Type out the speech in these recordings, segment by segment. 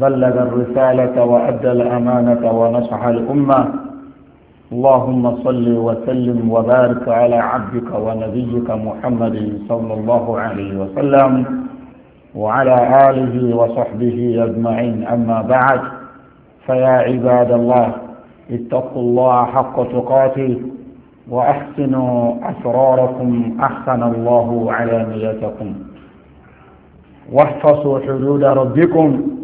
بلغ الرسالة وأدى الأمانة ونصح الأمة اللهم صل وسلم وبارك على عبدك ونبيك محمد صلى الله عليه وسلم وعلى آله وصحبه أجمعين أما بعد فيا عباد الله اتقوا الله حق تقاته وأحسنوا أسراركم أحسن الله على نيتكم واحفظوا حدود ربكم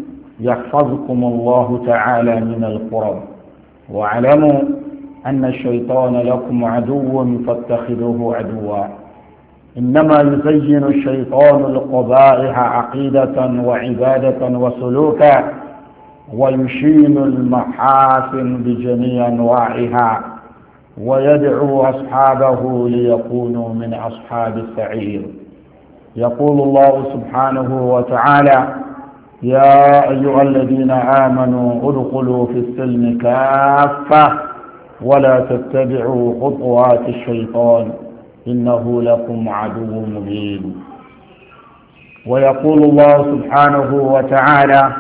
يحفظكم الله تعالى من القرب واعلموا أن الشيطان لكم عدو فاتخذوه عدوا إنما يزين الشيطان القبائح عقيدة وعبادة وسلوكا ويشين المحاسن بجميع أنواعها ويدعو أصحابه ليكونوا من أصحاب السعير يقول الله سبحانه وتعالى يا أيها الذين آمنوا ادخلوا في السلم كافة ولا تتبعوا خطوات الشيطان إنه لكم عدو مبين ويقول الله سبحانه وتعالى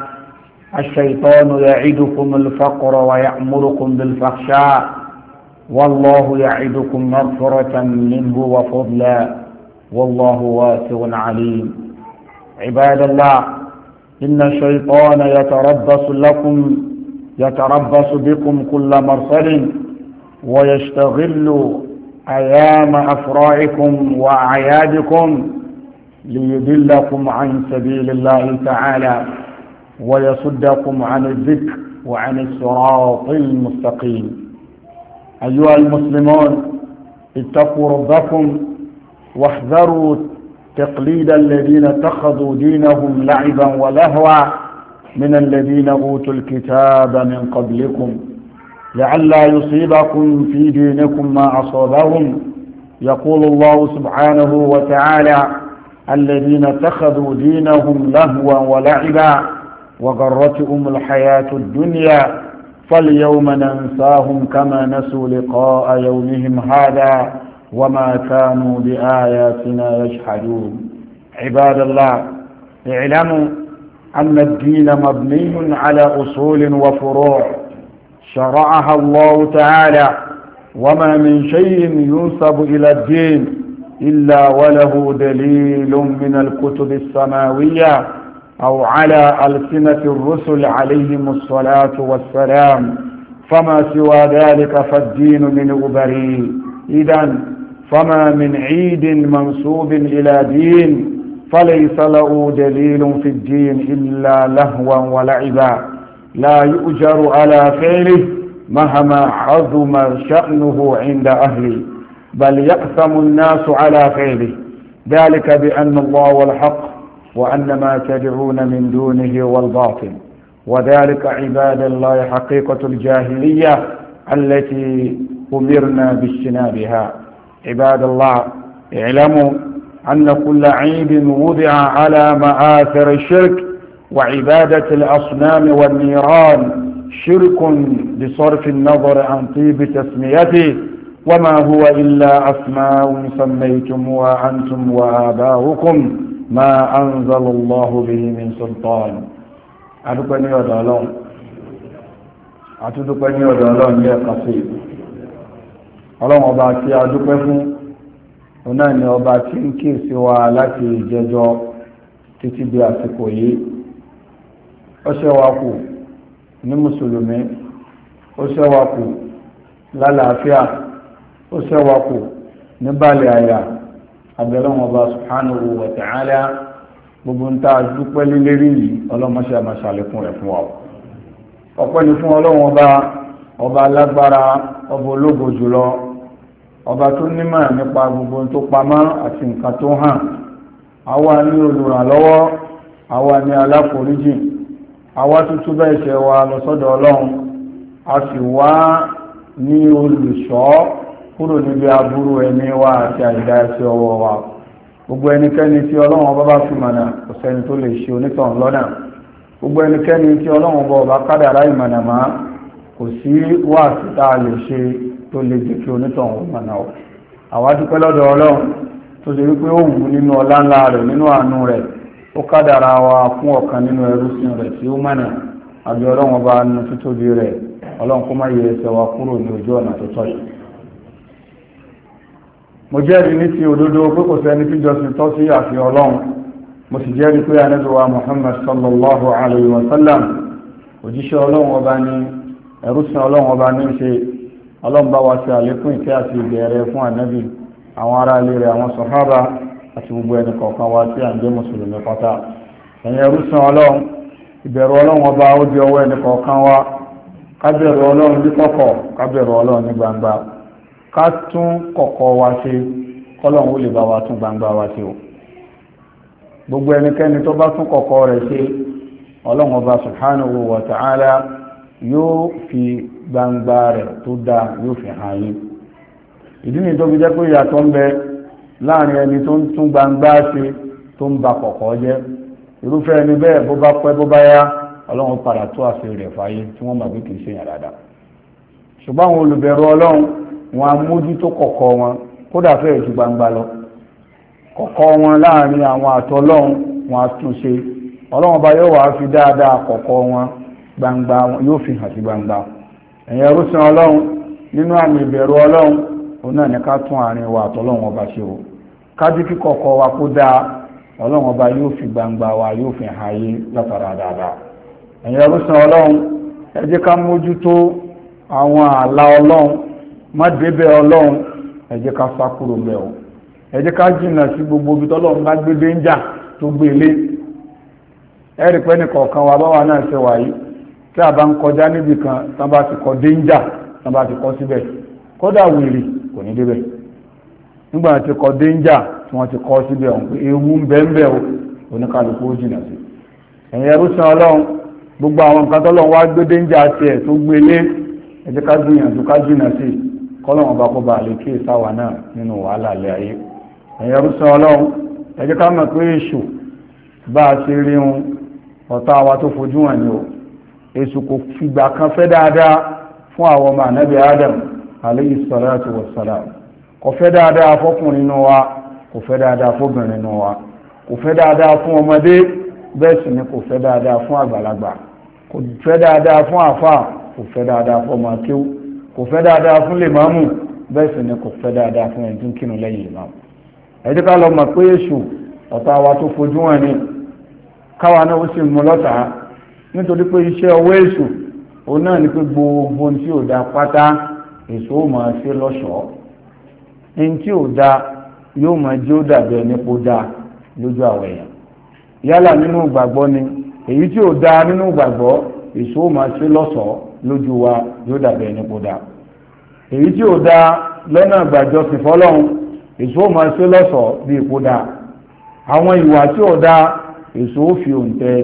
الشيطان يعدكم الفقر ويأمركم بالفحشاء والله يعدكم مغفرة منه وفضلا والله واسع عليم عباد الله إن الشيطان يتربص لكم يتربص بكم كل مرسل ويشتغل أيام أفراعكم وأعيادكم ليدلكم عن سبيل الله تعالى ويصدكم عن الذكر وعن الصراط المستقيم أيها المسلمون اتقوا ربكم واحذروا تقليد الذين اتخذوا دينهم لعبا ولهوا من الذين أوتوا الكتاب من قبلكم لئلا يصيبكم في دينكم ما أصابهم يقول الله سبحانه وتعالى الذين اتخذوا دينهم لهوا ولعبا وغرتهم الحياة الدنيا فاليوم ننساهم كما نسوا لقاء يومهم هذا وما كانوا بآياتنا يجحدون عباد الله اعلموا أن الدين مبني على أصول وفروع شرعها الله تعالى وما من شيء ينسب إلى الدين إلا وله دليل من الكتب السماوية أو على ألسنة الرسل عليهم الصلاة والسلام فما سوى ذلك فالدين من بريء إذا فما من عيد منسوب إلى دين فليس له دليل في الدين إلا لهوا ولعبا لا يؤجر على فعله مهما عظم شأنه عند أهله بل يأثم الناس على فعله ذلك بأن الله والحق وأن ما تدعون من دونه والباطل وذلك عباد الله حقيقة الجاهلية التي أمرنا باجتنابها عباد الله اعلموا أن كل عيد وضع على مآثر الشرك وعبادة الأصنام والنيران شرك بصرف النظر عن طيب تسميته وما هو إلا أسماء سميتم أنتم وآباؤكم ما أنزل الله به من سلطان أدوكني ودالون أتدوكني ودالون يا قصيد ọlọ́run ọba tí a dúpẹ́ fún òun náà ni ọba tí ń kíyèsí wa láti ìjẹjọ títí di àsìkò yìí ó ṣẹ́wà kù ní mùsùlùmí ó ṣẹ́wà kù lálàáfíà ó ṣẹ́wà kù níbàlẹ̀ àyà abẹ́lẹ́wọ̀n ọba subhanahu wa ta'ala gbogbo ń ta dúpẹ́ lélẹ́rí yìí ọlọ́mọṣẹ́ àmàṣàlékún rẹ̀ fún wa ọpẹ́ ni fún ọlọ́run ọba ọba alágbára ọba ológo jùlọ ọba tó nímọ̀ nípa gbogbo tó pamọ́ àti nǹkan tó hàn àwa ní olùrànlọ́wọ́ àwa ní aláforíjì àwa tuntun bẹ́ẹ̀ ṣe wa lọ sọ́dọ̀ ọlọ́run a sì wá ní olùṣọ́ kúrò níbi aburú ẹni wa àti àìdá ẹsẹ̀ ọwọ́ wa gbogbo ẹnikẹ́ni tí ọlọ́run ọba bá fi mọ̀nà kò sẹ́ni tó lè ṣe onítàn lọ́nà gbogbo ẹnikẹ́ni tí ọlọ́run ọba ọba kádàrá ìmọ̀nà má kò sí wáàsí tá a lè ṣe tó lè jẹ́ kí onítọ̀hún mọ̀nà ọ̀ àwa dúpẹ́ lọ́dọ̀ ọlọ́run tó ó wù nínú ọlá ńlá rẹ̀ nínú àánú rẹ̀ ó kádàrà wa fún ọ̀kan nínú ẹrúsìn rẹ̀ tí ó mọ̀nà àbí ọlọ́run ọba nínú títóbi rẹ̀ ọlọ́run kó má yẹ ẹsẹ̀ wa kúrò ní ojú ọ̀nà tó mo jẹ́rìí ní ti òdodo pé kò sẹ́ni tí jọ́sìn tọ́ sí àfi ọlọ́mbà wa ṣe àlékún ìkẹ́ àti ìbẹ̀rẹ̀ fún ànábì àwọn ará ilé rẹ̀ àwọn sọ̀hábà àti gbogbo ẹni kọ̀ọ̀kan wa tí à ń jẹ́ mùsùlùmí pátá ẹ̀yin ẹrúsìn ọlọ́run ìbẹ̀rù ọlọ́run ọba ó di ọwọ́ ẹni kọ̀ọ̀kan wa ká bẹ̀rù ọlọ́run ní kọ̀kọ̀ ká bẹ̀rù ọlọ́run ní gbangba ká tún kọ̀kọ̀ wa ṣe kọ́lọ́run ó lè bá wa tún gbangba wa ṣe o gbogbo ẹnikẹ́ni tó bá tún kọ̀kọ̀ rẹ̀ ṣe ọlọ́run ọba subhanahu wa ta'ala yóò fi gbangba rẹ̀ tó dáa yóò fi hàn yín ìdí ni tó fi jẹ́ pé ìyàtọ̀ ń bẹ láàrin ẹni tó ń tún gbangba ṣe tó ń ba kọ̀kọ̀ jẹ́ irúfẹ́ ẹni bẹ́ẹ̀ bó bá pẹ́ bó bá yá ọlọ́run padà tó àṣẹ rẹ̀ fàyè tí wọ́n mọ̀ pé kì í ṣe yàn dáadáa ṣùgbọ́n àwọn olùbẹ̀rù ọlọ́run wọn á mójútó kọ̀kọ̀ wọn kódà fẹ́ẹ̀ ju gbangba lọ kọ̀kọ̀ wọn láàrin àwọn àtọ́lọ́run wọn á tún ṣe ọlọ́run ọba yóò wá fi dáadáa kọ̀kọ̀ wọn gbangba yóò fi hàn sí gbangba ẹ̀yẹ rúṣin ọlọ́run nínú àmì ìbẹ̀rù ọlọ́run òun náà ní ká tún àárín wa àtọ́lọ́run ọba ṣe o kájú kíkọ̀kọ̀ wa kó dáa ọlọ́run ọba yóò fi gbangba wa yóò fi hàn ayé látara dáadáa ẹ̀yẹ rúṣin ọlọ́run ẹ jẹ́ ká mójútó àwọn ààlà ọlọ́run má débẹ̀ ọlọ́run ẹ jẹ́ gbogbo ibi tọ́lọ́run bá gbé dé ń jà tó ẹ̀rì wa tí a bá ń kọjá níbì kan tán bá ti kọ déńjà tán bá ti kọ síbẹ̀ kódà wèrè kò ní débẹ̀ nígbà tí kọ déńjà tí wọ́n ti kọ síbẹ̀ ọ̀hún pé ewu ń bẹ́ẹ̀ o oníkàlùkù ó jìnà sí gbogbo àwọn nǹkan tọ́lọ́run wá gbé tó gbé lé ká gbìyànjú ká jìnà sí kọ́lọ́run bá kó ba àlè kí náà nínú wàhálà alẹ́ ayé èṣù kò fìgbà kan fẹ́ dáadáa fún àwọn ọmọ ànábì adam alayhi salatu wa salam kò fẹ́ dáadáa fọkùnrin nínú wa kò fẹ́ dáadáa fọbìnrin nínú wa kò fẹ́ dáadáa fún ọmọdé bẹ́ẹ̀ sì ni kò fẹ́ dáadáa fún àgbàlagbà kò fẹ́ dáadáa fún àfà kò fẹ́ dáadáa fún ọmọ akéwù kò fẹ́ dáadáa fún lèmọ́mù bẹ́ẹ̀ sì ni kò fẹ́ dáadáa fún ẹni tó ń kírun lẹ́yìn lèmọ́mù ẹ̀jẹ̀ ká lọ mọ̀ pé èṣù ọ̀tá wa tó fojú wọn ni káwa náà ó sì mú lọ́tàá nítorí pé iṣẹ́ ọwọ́ èṣù òun náà ni pé gbogbo tí ò da pátá èṣù ó máa ṣe lọ́ṣọ̀ọ́ ní tí ò da yóò máa jẹ́ ó dàbí ẹni kó da lójú àwọn èèyàn yálà nínú ìgbàgbọ́ ni èyí tí ò da nínú ìgbàgbọ́ èṣù ó máa ṣe lọ́ṣọ̀ọ́ lójú wa yóò dàbí ẹni kó da èyí tí ò da lọ́nà ìgbàjọsìn fọlọ́run èṣù ó máa ṣe lọ́ṣọ̀ọ́ bí ipò da àwọn ìwà tí ò da èso ó fi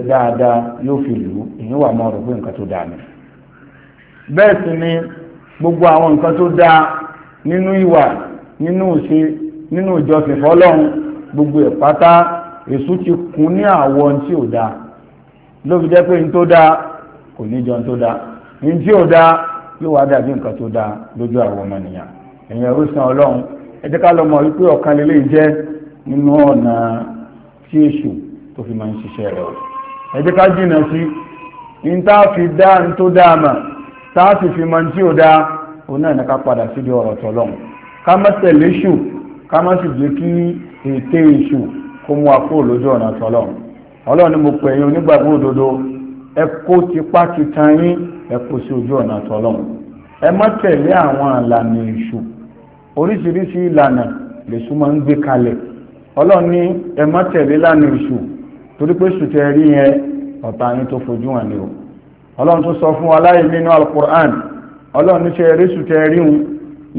dáadáa yóò fi lù ú èyí wà máa rò pé tó dáa ni bẹ́ẹ̀ ni gbogbo àwọn nǹkan tó dáa nínú ìwà nínú ìṣe nínú gbogbo pátá èso ti kún ní àwọ̀ tí ò dáa ló fi jẹ́ pé ní tó dáa kò ní jọ ní tó dáa ní tí ò dáa yóò wá dàbí nǹkan tó dáa lójú àwọn èèyàn tó fi máa ń ṣiṣẹ́ rẹ̀ o ẹ ká jìnà sí ní a fi dá ní tó dáa mà sì fi máa ń tí ò dáa òun náà ká padà ọ̀rọ̀ ká má tẹ̀lé ṣù ká má sì jẹ́ kí ìṣù kó mú wa lójú ọ̀nà tọ́lọ́hún ọlọ́run ni mo pè yín onígbàgbọ́ òdodo ẹ kó tipá titan yín ẹ kó sí ojú ọ̀nà tọ́lọ́hún ẹ má tẹ̀lé àwọn ìlànà torí pé sùtẹ̀ rí yẹn ọ̀tá yín tó fojú hàn ní o ọlọ́run tó sọ fún wa láyé nínú alukur'an ọlọ́run ní sẹ́ rí sùtẹ̀ rí hun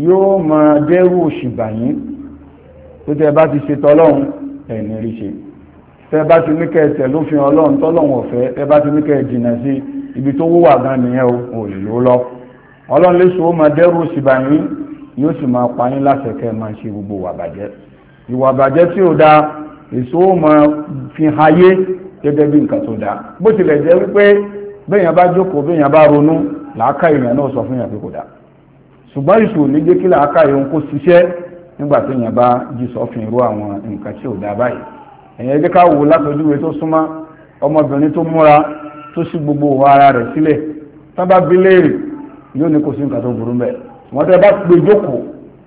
yóò máa dẹ́rù òṣìbà yín tó tẹ́ bá ti ṣe tọ́lọ́run ẹ̀ ní rí ṣe tẹ́ bá ti ní kẹ́ ẹ tẹ̀ ọlọ́run tọ́lọ́run ọ̀fẹ́ tẹ́ bá ti ní kẹ́ ẹ jìnnà sí ibi tó wúwà gan nìyẹn o ò lè ló lọ ọlọ́run lè sọ máa dẹ́rù òṣìbà yín yóò sì máa pa yín láṣẹ máa ṣe gbogbo wàbàjẹ́ ìwàbàjẹ́ tí ò dáa èso ma fi hayé gẹ́gẹ́ bí nǹkan tó dáa bó tilẹ̀ jẹ́ wípé bẹ́yàn bá jókòó bẹ́yàn bá ronú làákà èèyàn náà sọ fún yàn pé kò dáa ṣùgbọ́n ìṣòro ní jẹ́ kí làákà èèyàn kó ṣiṣẹ́ nígbà téèyàn bá jí sọ́fin irú àwọn nǹkan tí ò dáa báyìí ẹ̀yẹn jẹ́ ká wò látọjúwe tó súnmọ́ ọmọbìnrin tó múra tó ṣí gbogbo ara rẹ̀ sílẹ̀ tábà bí léèrè yóò ní kò sí nǹkan tó burú bẹ́ẹ̀ wọ́n tẹ́ bá gbé jókòó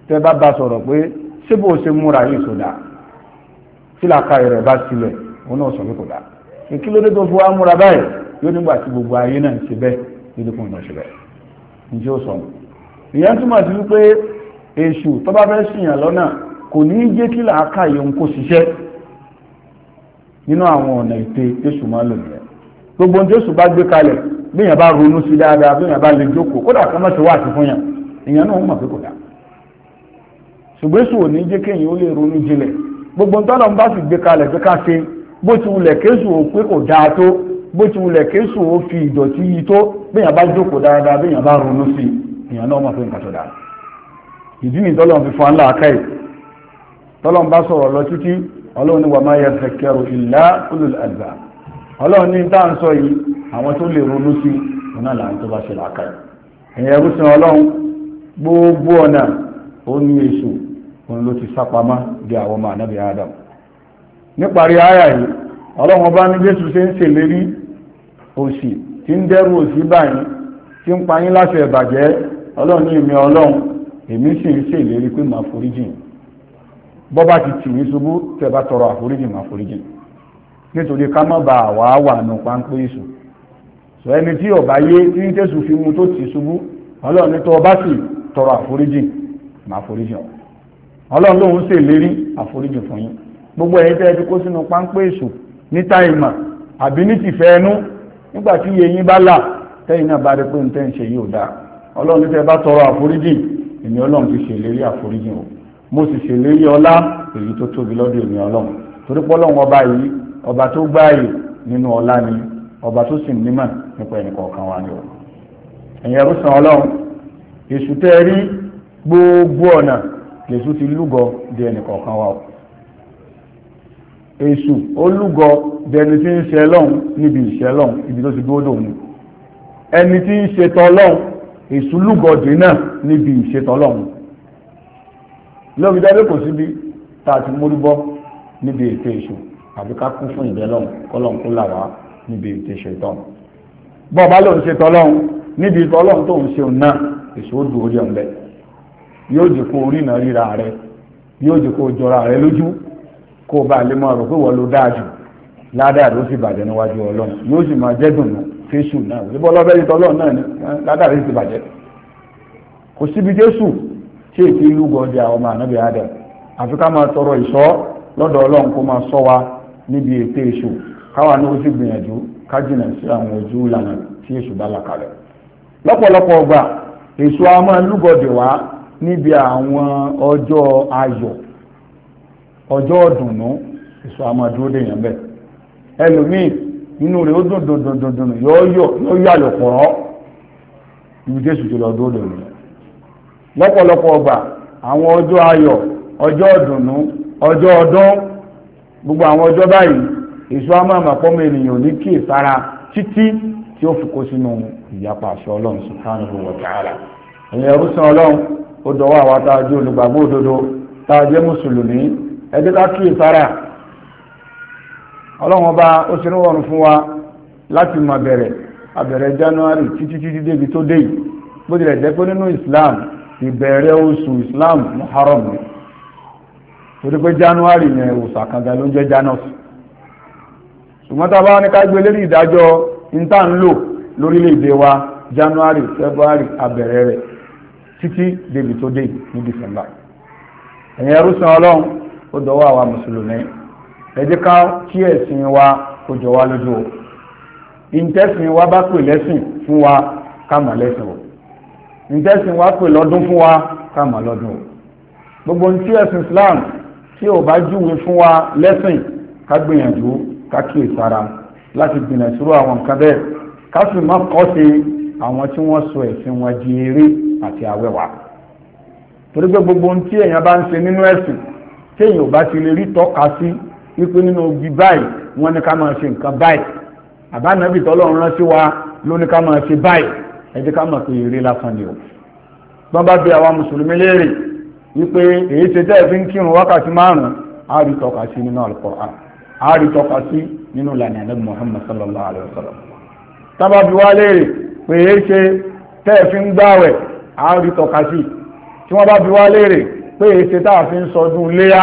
tẹ́ bá bá sọ̀rọ̀ pé ṣé bó ṣe múra yìí sódà tí làákà rẹ̀ bá sílẹ̀ òun náà sọ pé kò dá kí ló dé tó báyìí yóò nígbà tí gbogbo ayé náà ṣe bẹ́ẹ̀ yóò dúkùn náà ṣe bẹ́ẹ̀ ǹjẹ́ ó sọnù ìyẹn túmọ̀ sí wípé èṣù tó bá fẹ́ ṣìyàn lọ́nà kò ní í jẹ́ kí làákà yòun kó ṣiṣẹ́ nínú àwọn ọ̀nà ète èṣù máa gbogbo ohun tí èṣù bá gbé kalẹ̀ bá ronú sí dáadáa bá lè jókòó kódà fún yàn ìyẹn náà mọ̀ pé kò dá ṣùgbọ́n èṣù ò ní jẹ́ kéèyàn ó gbogbo ntọ́nà ń bá sì gbé kalẹ̀ pé ká ṣe bó ti wulẹ̀ kéṣù ó pé kò dáa tó bó ti wulẹ̀ kéṣù ó fi ìdọ̀tí yìí tó béèyàn bá jókòó dáadáa béèyàn bá ronú sí èèyàn náà mọ̀ pé nǹkan tó dáa ìdí ni tọ́lọ́n fi fún aláà káì tọ́lọ́n bá sọ̀rọ̀ lọ títí ọlọ́run ní wà máa yẹ fẹ̀kẹ́rù ìlà ulul àgbà ọlọ́run ní tá à ń sọ yìí àwọn tó lè ronú sí òun náà làwọn tó bá ọ̀nà òun ló ti di àwọn ọmọ ànábì adam níparí àyà yìí ọlọ́run ọba ní jésù ṣe ń tí ń dẹ́rù òṣì báyìí tí ń pa yín láṣẹ ìbàjẹ́ ọlọ́run ní èmi ọlọ́run èmi sì ń pé màá foríjìn bọ́bá ti tì mí tọrọ àforíjìn màá foríjìn nítorí ká má ba àwa wà nù páńpẹ́ èṣù sọ ẹni tí ọba tí ń fi mu tó tì ṣubú ọlọ́run ní ọba ọlọ́run lòun ṣèlérí àforíjì fún yín gbogbo ẹ̀yìn tẹ́ ti kó sínú páńpẹ́ èṣù ní táìmà àbí ní tìfẹ́ ẹnu nígbà tí iye bá là tẹ́yìn náà bá rí pé nǹkan ṣe yìí ò dáa ọlọ́run tọrọ àforíjì èmi ọlọ́run ti àforíjì o mo sì ọlá èyí tó tóbi lọ́dọ̀ èmi ọlọ́run torí ọba yìí ọba tó gbáàyè nínú ọlá ni ọba tó sì nímọ̀ nípa wa o ẹ̀yin ẹrú ọlọ́run èṣù jésù ti lúgọ di ẹnìkọ̀ọ̀kan wa èṣù ó lúgọ di ẹni tí ń ṣe lọ́hùn níbi ìṣẹ́ lọ́hùn ibi tó ti dúró dòun ẹni tí ń ṣe tọ́lọ́hùn èṣù lúgọ dì náà níbi ìṣe tọ́lọ́hùn lóbi dábẹ́ kò síbi tá a ti mórí bọ́ níbi ètò èṣù àbí ká kún fún ìbẹ́lọ́hùn kọ́lọ́hùn kó là wá níbi ètò èṣù ìtọ́hùn bọ́ọ̀ bá lóun ṣe tọ́lọ́hùn níbi tọ́lọ́hùn tóun ṣe òun náà èṣù ó dùn orí ọ̀nbẹ́ẹ̀ yóò jẹ́ orí náà ríra rẹ yóò jẹ́ jọra rẹ lójú kó o bá lè máa rò pé wọ́n ló dáa jù ládàá ló sì bàjẹ́ níwájú ọlọ́run yóò sì máa jẹ́ dùnú fésù náà ìbọn yìí náà ni ládàá ló sì bàjẹ́ kò síbi jésù tí èké àwọn ọmọ ànábì àfi ká máa tọrọ ìṣọ́ lọ́dọ̀ ọlọ́run kó máa ní a níbi àwọn ọjọ́ ayọ̀ ọjọ́ ọ̀dùnnú èso àmàdúró dèèyàn bẹ́ẹ̀ ẹlòmíì inú rẹ̀ ó dùn dùn dùn dùn dùn yọ yọ yọ àlòkọ̀ọ́ ibi jésù ti lọ dúró lòrùn lọ́pọ̀lọpọ̀ ọgbà àwọn ọjọ́ ayọ̀ ọjọ́ ọ̀dùnnú ọjọ́ ọdún gbogbo àwọn ọjọ́ báyìí èso àmọ́ àmàpọ́mọ ènìyàn ní kí ìsara títí tí ó fi kó sínú ìyapa àṣọ ọlọ́run subhanahu wa ta'ala ẹ̀yẹ ẹrú ọlọ́run ó dọwọ́ àwa a jẹ́ olùgbàgbọ́ òdodo tá a jẹ́ mùsùlùmí ẹjẹ́ ká ó ṣe níwọ̀n fún wa láti mọ̀ bẹ̀rẹ̀ àbẹ̀rẹ̀ january títí títí débi tó dé jẹ́ pé nínú islam ìbẹ̀rẹ̀ oṣù islam muharram ni torí pé january yẹn oṣù àkàndá ló ń jẹ́ janus ṣùgbọ́n tá a bá ní ká gbé intan lò lórílẹ̀‐èdè wa january february àbẹ̀rẹ̀ rẹ̀ títí débi tó dé ní december ẹ̀yin ẹrúsìn ọlọ́run ó dọwọ́ àwa mùsùlùmí ẹ ká kí ẹ̀sìn wa kó jọ wá lójú o ìǹtẹ́sìn wa bá pè lẹ́sìn fún wa ká mà lẹ́sìn o ìǹtẹ́sìn wa pè lọ́dún fún wa ká mà lọ́dún o gbogbo ní tí ẹ̀sìn islam tí ò bá júwe fún wa lẹ́sìn ká gbìyànjú ká kíyèsára láti gbìyànjú àwọn nǹkan bẹ́ẹ̀ ká sì má kọ́ sí i àwọn tí wọ́n sọ ẹ̀sìn wọn di eré àti awẹ́wà torí pé gbogbo ohun tí èèyàn bá ń ṣe nínú ẹ̀sìn téèyàn ò bá ti lè rí tọ́ka sí wípé nínú ogi báyìí wọ́n ní ká máa ṣe nǹkan báyìí àbánábì tọ́lọ́run rán wa ló ní ká máa ṣe báyìí ẹ ká mọ̀ pé eré lásán ni o wọ́n bá bí àwa mùsùlùmí léèrè wípé èyí ṣe tẹ́ ẹ fi ń kírun wákàtí márùn-ún á rí tọ́ka sí nínú al á rí tọ́ka sí nínú ìlànà Ànábì Muhammad sallallahu alayhi wa sallam tábà bí pèé ṣe tẹ́ẹ̀fí ń gbáwẹ̀ àárí tọ́ka sí tí wọ́n bá bi wá léèrè pèé ṣe táàfí ń sọdún léyá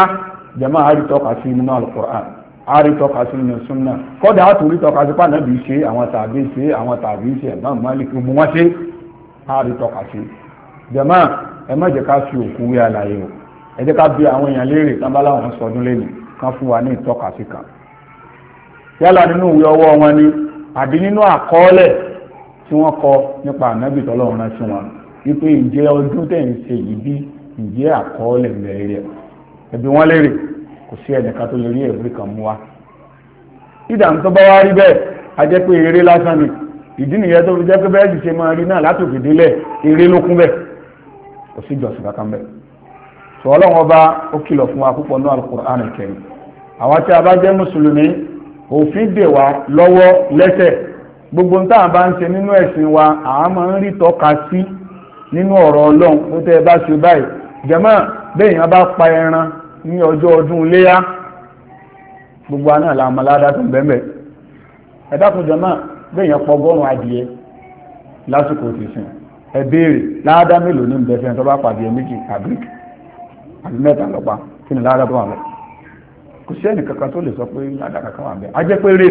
jẹ́mọ́ àárí tọ́ka sí nínú alukur'an àárí tọ́ka sí nínú sunna kọ́dà àtúrí tọ́ka sí pànàbí ṣe àwọn tàbí ṣe àwọn tàbí ṣe ẹ̀gbọ́n mọ́lìkì mú wọ́n ṣe àárí tọ́ka sí jẹ́mọ́ ẹ má jẹ́ ká fi òkú wí àlàyé o ẹ jẹ́ ká bi àwọn èèyàn léèrè tán bá láwọn àbí nínú àkọọ́lẹ̀ tí wọ́n kọ nípa ànábì tọ́lọ́run rán sí wọn wípé ǹjẹ́ ọdún tẹ̀ ń ṣe yìí bí ǹjẹ́ àkọọ́lẹ̀ bẹ̀rẹ̀ rẹ̀ ẹ̀bí wọ́n lérè kò sí ẹnìkan tó lè rí ẹ̀rí kan mú wa. ìdààmú tó bá wá rí bẹ́ẹ̀ a jẹ́ pé eré lásán ni ìdí nìyẹn tó fi jẹ́ pé bẹ́ẹ̀ sì ṣe máa rí náà látòkè délẹ̀ eré ló bẹ́ẹ̀ kò sí ìjọsìn kankan bẹ́ẹ̀. sọ ọlọ́run ó kìlọ̀ fún wa púpọ̀ náà gbogbo ń tàà bá ń ṣe nínú ẹ̀sìn wa àá ń rí tọ́ka sí nínú ọ̀rọ̀ ọlọ́run tó tẹ́ ẹ bá ṣe báyìí jẹ́mọ́ bẹ́ẹ̀ yẹn bá pa ẹran ní ọjọ́ ọdún gbogbo aná la laada ládàá ẹ dákun jẹ́mọ́ bẹ́ẹ̀ yẹn pọ̀ ọgọ́rùn adìẹ lásìkò ẹ béèrè mélòó ní bẹ́ẹ̀ fẹ́ẹ́ tó bá ni tó wà kò sí ẹnì kankan tó lè sọ pé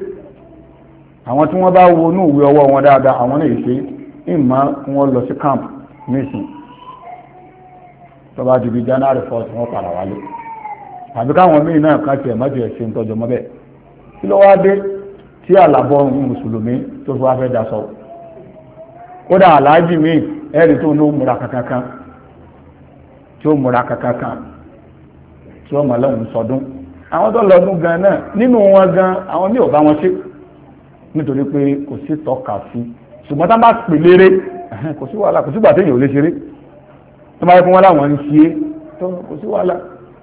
àwọn tí wọ́n bá wo ní ìwé ọwọ́ wọn dáadáa àwọn náà ṣe ìmọ̀ wọn lọ sí camp nísìn tó bá dìbí january 4 wọ́n padà wálé àbí káwọn míì náà kan tiẹ̀ mọ́tò ẹ̀ṣẹ̀ ń tọ́jú mọ́bẹ̀ kí ló wá dé tí àlàbọ̀ mùsùlùmí tó fi wá fẹ́ daṣọ kódà aláàjì míì ẹ̀rí tó ní ó múra kankankan tí ó múra kankankan tí ó mọ̀ sọdún àwọn tó lọ́dún gan náà nínú wọn gan àwọn míì ò bá wọn ṣe nítorí pé kò sí tọ́ka sí ṣùgbọ́n tá bá pè léré kò sí wàhálà kò sígbà téèyàn ò lè ṣeré tó bá yẹ fún wọn láwọn ń ṣe é tó kò sí wàhálà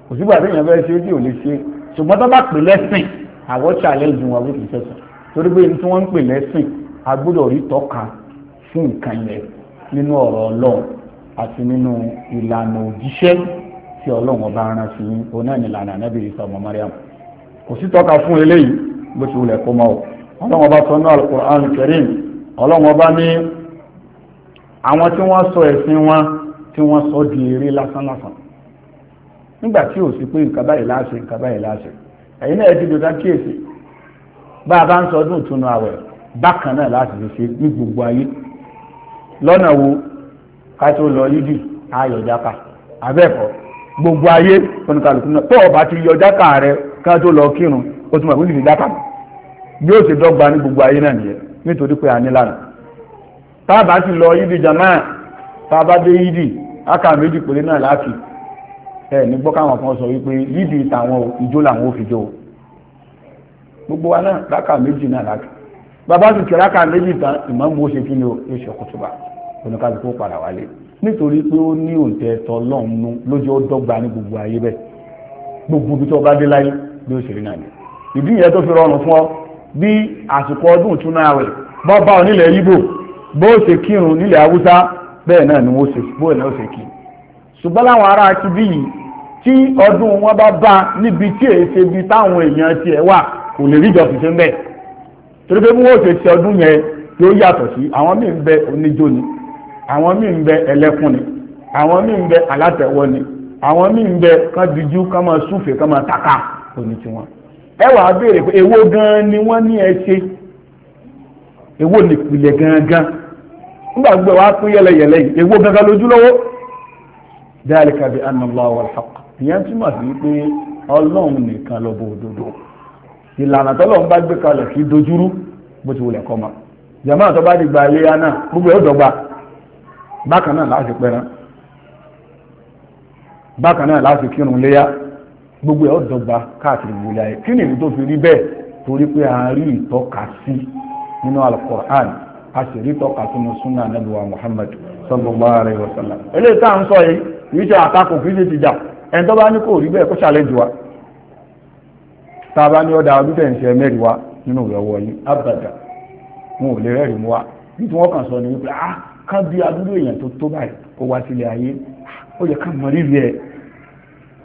kò sígbà téèyàn fẹ́ ṣe é tí ò lè ṣe é ṣùgbọ́n tá bá pè lẹ́sìn àwọn challenge wọn ló ti fẹsọ̀ torí pé tí wọ́n ń pè lẹ́sìn a gbọ́dọ̀ rí tọ́ka fún nǹkan yẹn nínú ọ̀rọ̀ ọlọ́run àti nínú ìlànà òjíṣẹ́ tí ọlọ́run ọba ara fi onáìnílànà anábìrì sọmọ ọlọ́wọ́n bá sọ́nà al-Qur'an al-Karim ọlọ́wọ́n bá ní àwọn tí wọ́n sọ ẹ̀sìn wọn tí wọ́n sọ di eré lásánlásán nígbà tí ò sí pé nǹkan báyìí láṣẹ nǹkan báyìí láṣẹ ẹ̀yin náà ti dòdá kíyèsí bá a bá ń sọ ọdún ìtúnu àwẹ̀ bákan náà láti fi ṣe ní gbogbo ayé lọ́nà wo ká tó lọ yídì ayọ̀ jáka abẹ́ẹ̀kọ́ gbogbo ayé oníkàlùkù náà tó o ti yọ jáka rẹ ká tó lọ kírun ó tún mọ̀ pé bí ó dọ́gba ní gbogbo ayé náà nìyẹn nítorí pé a ní lànà tábà ti lọ yídi jamaa tábà dé yídi aka méjì péré náà láti ẹ ní gbọ́ káwọn kan sọ wípé yídi tàwọn ìjó làwọn ò fi jó gbogbo wa náà ráka méjì náà láti bàbá ti kẹrẹ aka méjì tán ìmọ̀mú ó ṣe kí ni kùtùbà padà wálé nítorí pé ó ní òǹtẹ̀ tọ́ lọ́ọ̀nù lójú ó fi rọrùn fún bí àsìkò ọdún ìtúnú àwẹ̀ bọ́bá onílẹ̀ yíbò bó ṣe kírun nílẹ̀ haúsá bẹ́ẹ̀ náà ni wọ́n ṣe bóyá náà ṣe kí ṣùgbọ́n láwọn ará ti bí yìí tí ọdún wọn bá bá níbi tí èyí ṣe bí táwọn èèyàn tiẹ̀ wà kò lè rí ìjọsìn ṣe ń bẹ̀ torí pé wọ́n ṣe ṣe ọdún yẹn yóò yàtọ̀ sí àwọn míì ń bẹ oníjó ni àwọn míì ń bẹ ẹlẹ́kùn ni àwọn míì ń bẹ alátẹ̀wọ́ ni àwọn míì ń bẹ kán dijú kán máa súfèé kán máa tàka òní tiwọn ẹ wàá béèrè pé ewo gan ni wọ́n ní ẹ ṣe èwo nìpìlẹ̀ gangan nígbà gbogbo wa pín yẹlẹyẹlẹ yìí èwo gangan lójúlówó dhalika bi anna Allah wal haqq ìyẹn túmọ̀ sí pé ọlọ́run nìkan ló bo òdodo ìlànà tọ́lọ́run bá gbé kalẹ̀ kí dojúrú bó ti wulẹ̀ kọ́ ma jàmáà tó bá di gba ilé yánà gbogbo ẹ̀ dọ́gba bákan náà láti pẹ́ran bákan náà láti kírun léyà gbogbo ẹ̀ ọ̀dọ́gba káàkiri ìwòlẹ̀ ayé kí ni èyí tó fi rí bẹ́ẹ̀ torí pé a rí ìtọ́ka sí nínú alukur'an a sì rí ìtọ́ka sunna wa sallam eléyìí tá à ń sọ yìí ṣe àtakò kì í ṣe tìjà bá ní kò rí bẹ́ẹ̀ kó wa a ní ọ̀dà ọdún mẹ́rin wa nínú ìrọ̀wọ́ yìí abàdà wọn ò lè rẹ́rìn wa bí tí ni wípé ah èèyàn tó tó báyìí wá sílé ayé ah, ó yẹ ká ẹ̀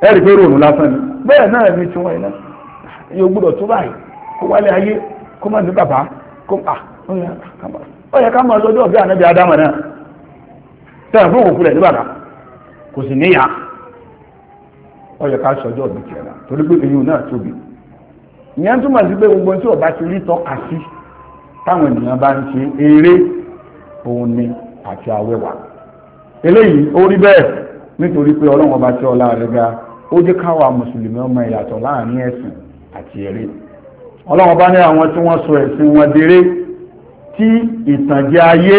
ẹ̀rì pé ròònù lásán ni bẹ́ẹ̀ náà ní tiwọn iná yóò gbúdọ̀ tó báyìí kó wálé ayé kó má ní bàbá kó à ó yẹ ká máa lọ́jọ́ ọ̀bí ànábì ádámà náà tẹ̀yìn fún òkú rẹ̀ ní bàbá kò sì níyà ó yẹ ká sọjọ́ tiẹ̀ náà torí pé èyí náà tóbi ìyẹn túmọ̀ sí pé gbogbo tí ọba ti rí tọ́ka sí táwọn ènìyàn bá ń ṣe eré òun ni àti awẹ́wà eléyìí ó rí ó jẹ́ káwa mùsùlùmí ọmọ ìyàtọ̀ láàrin ẹ̀sìn àti eré ọlọ́run bá ní àwọn tí wọ́n sọ ẹ̀sìn wọn déré tí ìtànjẹ ayé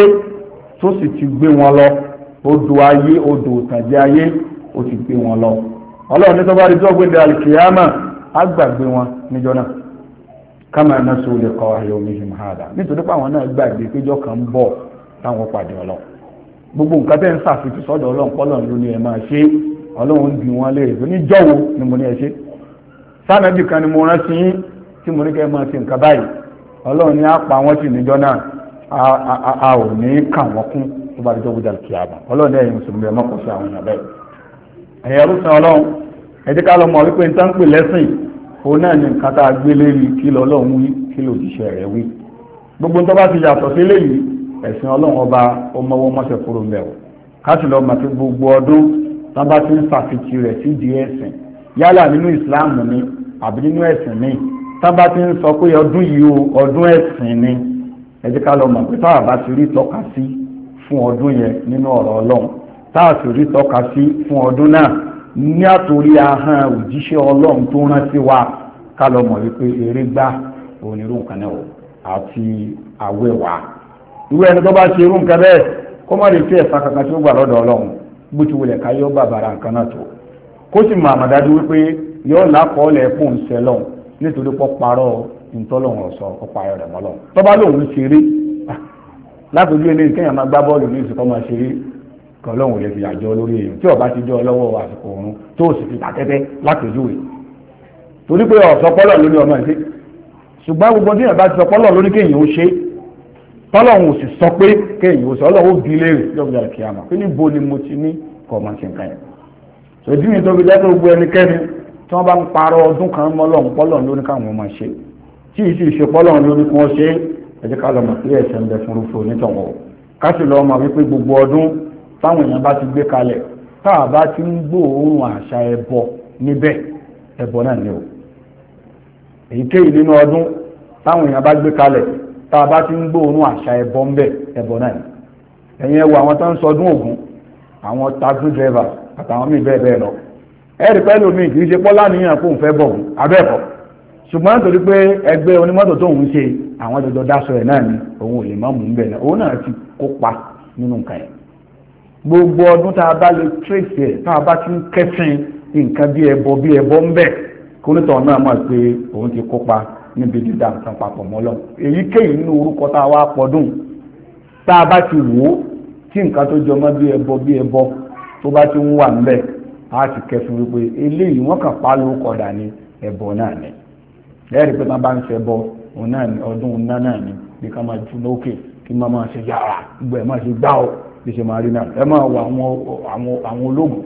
tó sì ti gbé wọn lọ odò ayé odò ìtànjẹ ayé ó ti gbé wọn lọ ọlọ́run ní gbé kìyàmà á gbàgbé wọn níjọ náà kámà sọ ayé omi yìí máa dà nítorí pé àwọn náà gbàgbé péjọ kan ń bọ̀ táwọn pàdé gbogbo nǹkan tẹ́ ń sàfitì sọ́dọ̀ ọlọ́run ló ọlọ́run bí wọn lè rí níjọ́wọ́ ni mo ní ẹ ṣe sánàbì kan ni mo rán sí yín tí mo ní kẹ́ máa ṣe nǹkan báyìí ọlọ́run ní apá wọn sì níjọ́ náà a ò ní kà wọ́n kún tó bá dijọ́ gbọdọ̀ kí a bá ọlọ́run ní ẹ̀yin mùsùlùmí ẹ̀ mọ́kọ̀ sí àwọn èèyàn bẹ́ẹ̀ ẹ̀yẹ rúṣin ọlọ́run ẹ jẹ́ ká lọ mọ̀ wípé nǹkan pè lẹ́sìn òun náà ní nǹkan tá a gbé lérí kí lọ́lọ́run wí kí lòjíṣẹ́ rẹ̀ wí gbogbo tó bá ti yàtọ̀ sí léyìí ẹ̀sìn tábà ti ń ṣàfitì rẹ̀ sí di ẹ̀sìn yálà nínú ìsìláàmù ni àbí nínú ẹ̀sìn ni tábà ti ń sọ pé ọdún yìí o ọdún ẹ̀sìn ni ẹ jẹ́ ká lọ mọ̀ pé táwa bá ti rí tọ́ka sí fún ọdún yẹn nínú ọ̀rọ̀ ọlọ́run táà sì rí tọ́ka sí fún ọdún náà ní àtòrí ahọ́n òjíṣẹ́ ọlọ́run tó rán sí wa ká lọ mọ̀ wípé eré gbá onírú nǹkan náà wò àti àwẹ̀wà irú ẹni tó bá ṣe irú nǹkan bẹ́ẹ̀ kó má lè fi ẹ̀san kankan tí ó gbà lọ́dọ̀ ọlọ́run bó ti wulẹ̀ ká yọ bàbàrà nǹkan náà tó kó sì máa màdájú wípé yọ làkọọ́lẹ̀ fún sẹlọ̀n nítorí pọ́ parọ́ ntọ́lọ́hún ọ̀sọ́ ọ̀pààyọ̀ rẹ̀ mọ́lọ́ tọ́ba lòun ṣeré látòjú eléyìí kéèyàn máa gbá bọ́ọ̀lù ní ìsìnkọ́ máa ṣeré kan lọ́hùn ò lè fi àjọ lórí èèyàn tí ọba ti jọ lọ́wọ́ àsìkò òun tó sì fi tàtẹ́tẹ́ látòjúwe torí pé ọ̀sọ́pọ́lọ̀ lórí ọmọ ìṣe ṣùgbọ́n gbogbo tí yàrá ti sọpọ́lọ̀ lórí kéèyàn ó ṣe é tọ́lọ́hún ò sì sọ pé kéèyàn ò sọ ọlọ́hún ó bí léèrè lọ́gbọ̀dọ̀ kìámà pé níbo ni mo ti ní kọ̀ọ̀mọ̀ ṣe nǹkan yẹn so ìdí mi tó fi jẹ́ pé gbogbo ẹnikẹ́ni tí wọ́n bá ń parọ́ ọdún kan mọ́ lọ́hún pọ́lọ́hún ló ní káwọn máa ṣe tí ì sì ṣe pọ́lọ́hún ló ní kí wọ́n ṣe ẹ jẹ́ ká lọ mọ̀ pé ẹ̀ṣẹ̀ ń bẹ fún rúfo onítọ̀wọ̀ ká sì lọ mọ̀ wípé gbogbo ọdún táwọn èèyàn bá ti gbé kalẹ̀ tá a bá ti ń gbóòórùn àṣà ẹbọ níbẹ̀ ẹbọ náà ni o èyíkéyìí nínú ọdún táwọn èèyàn bá gbé kalẹ̀ tá a bá ti ń gbóòórùn àṣà ẹbọ ń bẹ ẹbọ náà ẹ̀yin ẹwọ àwọn tó ń sọdún ògún àwọn taxi driver àtàwọn míì bẹ́ẹ̀ bẹ́ẹ̀ lọ ẹ̀rí pẹ́lú mi kì í ṣe pọ́lá níyàn kó ń fẹ́ bọ̀ òun abẹ́ẹ̀kọ́ ṣùgbọ́n nítorí pé ẹgbẹ́ onímọ́tò tó ń ṣe àwọn dandan dáṣọ ẹ̀ náà ni òun ò lè má mú un bẹ́ẹ̀ náà òun náà ti kópa nínú nǹkan yẹn gbogbo ọdún tá a bá lè trace ẹ̀ tá a bá ti ń kẹ́sìn nǹkan bí ẹbọ bí ẹbọ ń bẹ kónítọ̀ náà mọ̀ pé òun ti kópa níbi dídá nǹkan papọ̀ mọ́lọ́ èyíkéyìí nínú orúkọ tá a wá pọ̀dún tá a bá ti wò ó tí nǹkan tó jọmọ́ bí ẹbọ bí ẹbọ tó bá ti ń wà ńbẹ̀ á ti kẹfì wípé eléyìí wọ́n kàn pa lórúkọ dà ní ẹbọ náà ni lẹ́yìn pé wọ́n bá ń ṣe ẹbọ ọdún ńlá náà ni bí ká máa tún lókè kí máa máa ṣe yàrá gbogbo ẹ̀ máa ṣe gbá ọ bí ṣe máa rí náà ẹ máa wọ àwọn ológun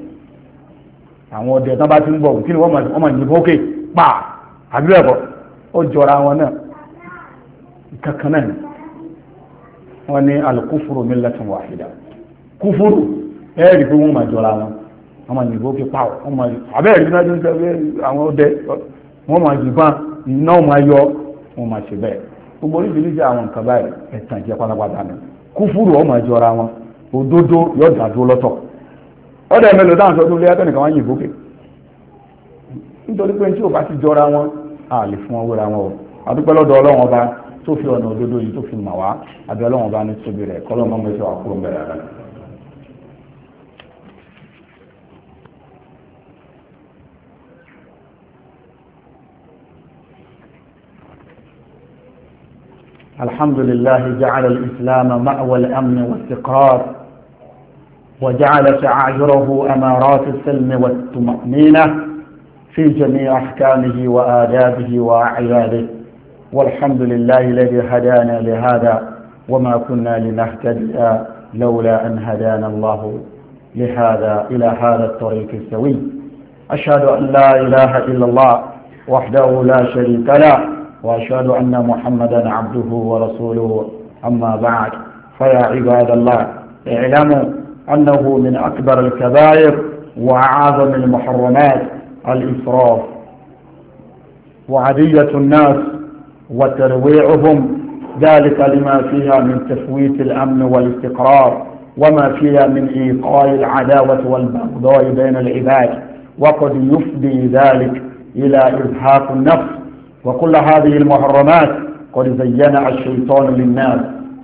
àwọn ọdẹ tán bá ti ń bọ̀ kí ni wọ́n máa yìnbọn òkè pa àbí bẹ́ẹ̀ ó jọra wọn náà kankan náà ni wọ́n ní alukufuru millatun wahida kúfúrú ẹ̀rì pé wọ́n máa jọra wọn wọ́n máa yìnbó fi pàwọ́ wọ́n máa àbẹ́ẹ̀rí náà tó ń àwọn ọdẹ wọ́n máa yìnbọn iná máa yọ wọ́n máa ṣe bẹ́ẹ̀ gbogbo oríṣiríṣi àwọn nǹkan báyìí ẹ̀tàn jẹ́ pátápátá ni kúfúrú wọ́n máa jọra wọn òdodo yóò dàdúró lọ́tọ̀ ọ̀dọ̀ ẹ̀mẹ́lò dáhùn sọ tó lé a lè fún wọn wéra wọn o adúpẹ́ lọ́dọ̀ ọlọ́run ọba tó fi ọ̀nà òdodo yìí tó fi mà wá àbí ọlọ́run ọba ní tóbi rẹ̀ kọ́ lọ́mọ mẹ́sàn-án wà kúrò mẹ́rẹ̀ rẹ̀. الحمد لله جعل الإسلام مأوى الأمن والاستقرار وجعل شعائره أمارات السلم والطمأنينة في جميع أحكامه وآدابه وأعياده والحمد لله الذي هدانا لهذا وما كنا لنهتدئ لولا أن هدانا الله لهذا إلى هذا الطريق السوي أشهد أن لا إله إلا الله وحده لا شريك له وأشهد أن محمدا عبده ورسوله أما بعد فيا عباد الله اعلموا أنه من أكبر الكبائر وأعظم المحرمات الإسراف وعدية الناس وترويعهم ذلك لما فيها من تفويت الأمن والاستقرار وما فيها من إيقاع العداوة والبغضاء بين العباد وقد يفضي ذلك إلى إرهاق النفس وكل هذه المحرمات قد زينها الشيطان للناس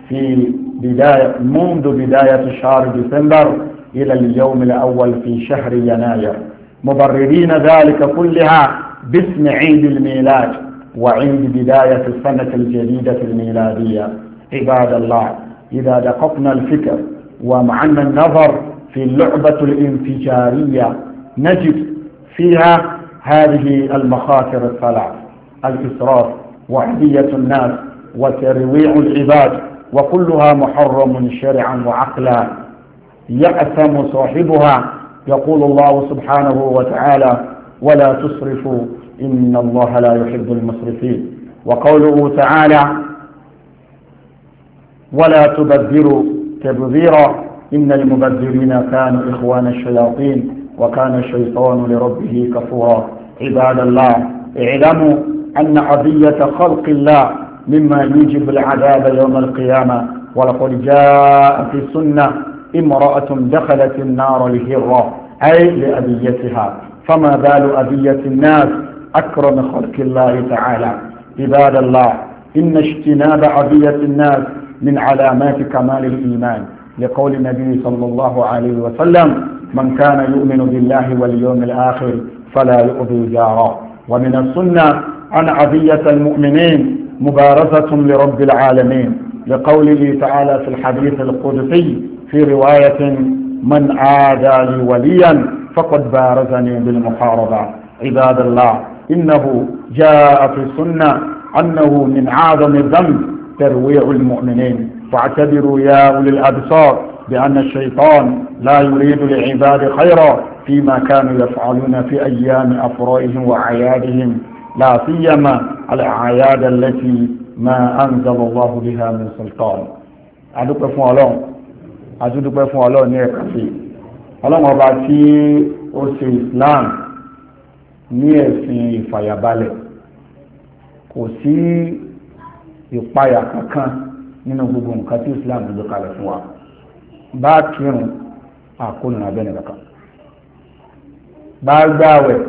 في بداية منذ بداية شهر ديسمبر إلى اليوم الأول في شهر يناير مبررين ذلك كلها باسم عيد الميلاد وعيد بداية السنة الجديدة الميلادية عباد الله إذا دققنا الفكر ومعنا النظر في اللعبة الانفجارية نجد فيها هذه المخاطر الثلاث الإسراف وحدية الناس وترويع العباد وكلها محرم شرعا وعقلا يأثم صاحبها يقول الله سبحانه وتعالى ولا تسرفوا إن الله لا يحب المسرفين وقوله تعالى ولا تبذروا تبذيرا إن المبذرين كانوا إخوان الشياطين وكان الشيطان لربه كفورا عباد الله اعلموا أن عضية خلق الله مما يجب العذاب يوم القيامة ولقد جاء في السنة امرأة دخلت النار لهرة أي لأبيتها فما بال أبية الناس أكرم خلق الله تعالى عباد الله إن اجتناب أبية الناس من علامات كمال الإيمان لقول النبي صلى الله عليه وسلم من كان يؤمن بالله واليوم الآخر فلا يؤذي جاره ومن السنة عن عبية المؤمنين مبارزة لرب العالمين لقوله تعالى في الحديث القدسي في رواية من عادى لي وليا فقد بارزني بالمحاربة عباد الله إنه جاء في السنة أنه من عظم الذنب ترويع المؤمنين فاعتبروا يا أولي الأبصار بأن الشيطان لا يريد لعباد خيرا فيما كانوا يفعلون في أيام أفرائهم وأعيادهم لا سيما الأعياد التي ما أنزل الله بها من سلطان أدوك فوالون àtúndúpẹ́ fún ọlọ́run ní ẹ̀ka sí ọlọ́run ọba tí ó ṣe islam ní ẹ̀sìn ìfàyàbalẹ̀ kò sí ìpayà kankan nínú gbogbo nǹkan tí islam gbé kalẹ̀ fún wa bá kírun àkónú abẹ́ni kankan bá gbáwẹ̀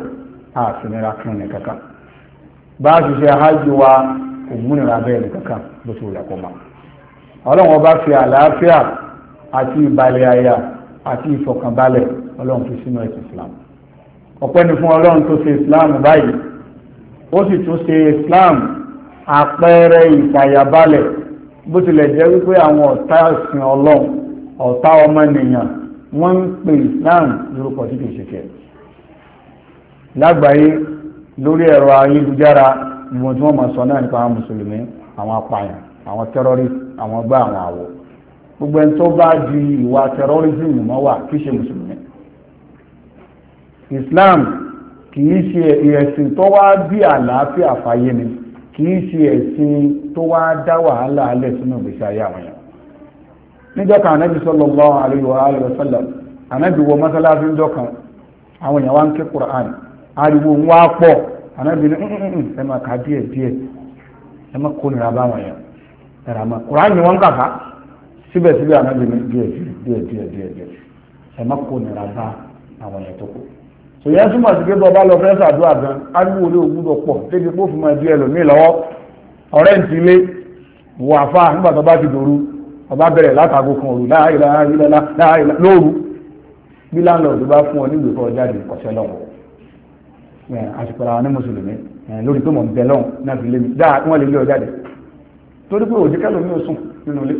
àfinira kan ní kankan bá ṣiṣẹ́ hajj wa òmúnira abẹ́ni kankan bó ti wùlẹ̀ kó ma ọlọ́run ọba fi àlàáfíà àti ìbalẹ̀ àyà àti ìfọ̀kànbalẹ̀ ọlọ́run fi sínú ẹ̀sìn islam ọpẹ́ ni fún ọlọ́run tó ṣe islam báyìí ó sì tún ṣe islam àpẹẹrẹ ìfàyàbalẹ̀ bó tilẹ̀ jẹ́ wípé àwọn ọ̀tá ẹ̀sìn ọlọ́run ọ̀tá ọmọnìyàn wọ́n ń pè islam lórúkọ tí kìí ṣe kẹ́ lágbàáyé lórí ẹ̀rọ ayélujára ìwọ̀n tí wọ́n máa sọ náà nípa àwọn mùsùlùmí àwọn apààyàn àwọn tẹ́rọ́rì àwọn ọgbà àwọn àwọ̀ gbogbo ẹni tó bá di ìwà terrorism mọ́ wà islam kì í ṣe ẹ̀sìn tó wá bí àlàáfíà fàyè ni kì í ṣe ẹ̀sìn tó wá dá wàhálà alẹ́ sínú ìgbésí ayé àwọn èèyàn kan sallallahu wa alihi wa sallam wọ mọ́sálásí ń dọ́kan àwọn èèyàn wá ń ké quran ariwo ń wá ní mm, mm, mm, ẹ máa síbẹ̀síbẹ̀ ànábì ní díẹ̀ díẹ̀ díẹ̀ díẹ̀ díẹ̀ ẹ má kó nira bá àwọn ẹ̀ tó kù. sòyẹ́ túmọ̀ sí pé bọ́ba lọ fẹ́ sàdúrà gan ariwo lé ògbúdọ̀ pọ̀ débi pé ó fi máa di ẹlòmíì lọ́wọ́ ọ̀rẹ́ ń tilé wọ àfa nígbà tó bá ti dòru ọba bẹ̀rẹ̀ látago kan òru láàyè lóru bí láńlọ́ọ̀dù bá fún ọ nígbè fún ọ jáde ọ̀sẹ̀ lọ́wọ́ àsìkò àwọn ní mùsùlùmí lórí pé mọ̀ ń bẹ lọ́wọ́ náà fi lé mi dáa wọ́n lè lé ọ jáde torí pé òjì kẹlòmíì ó sùn nínú ilé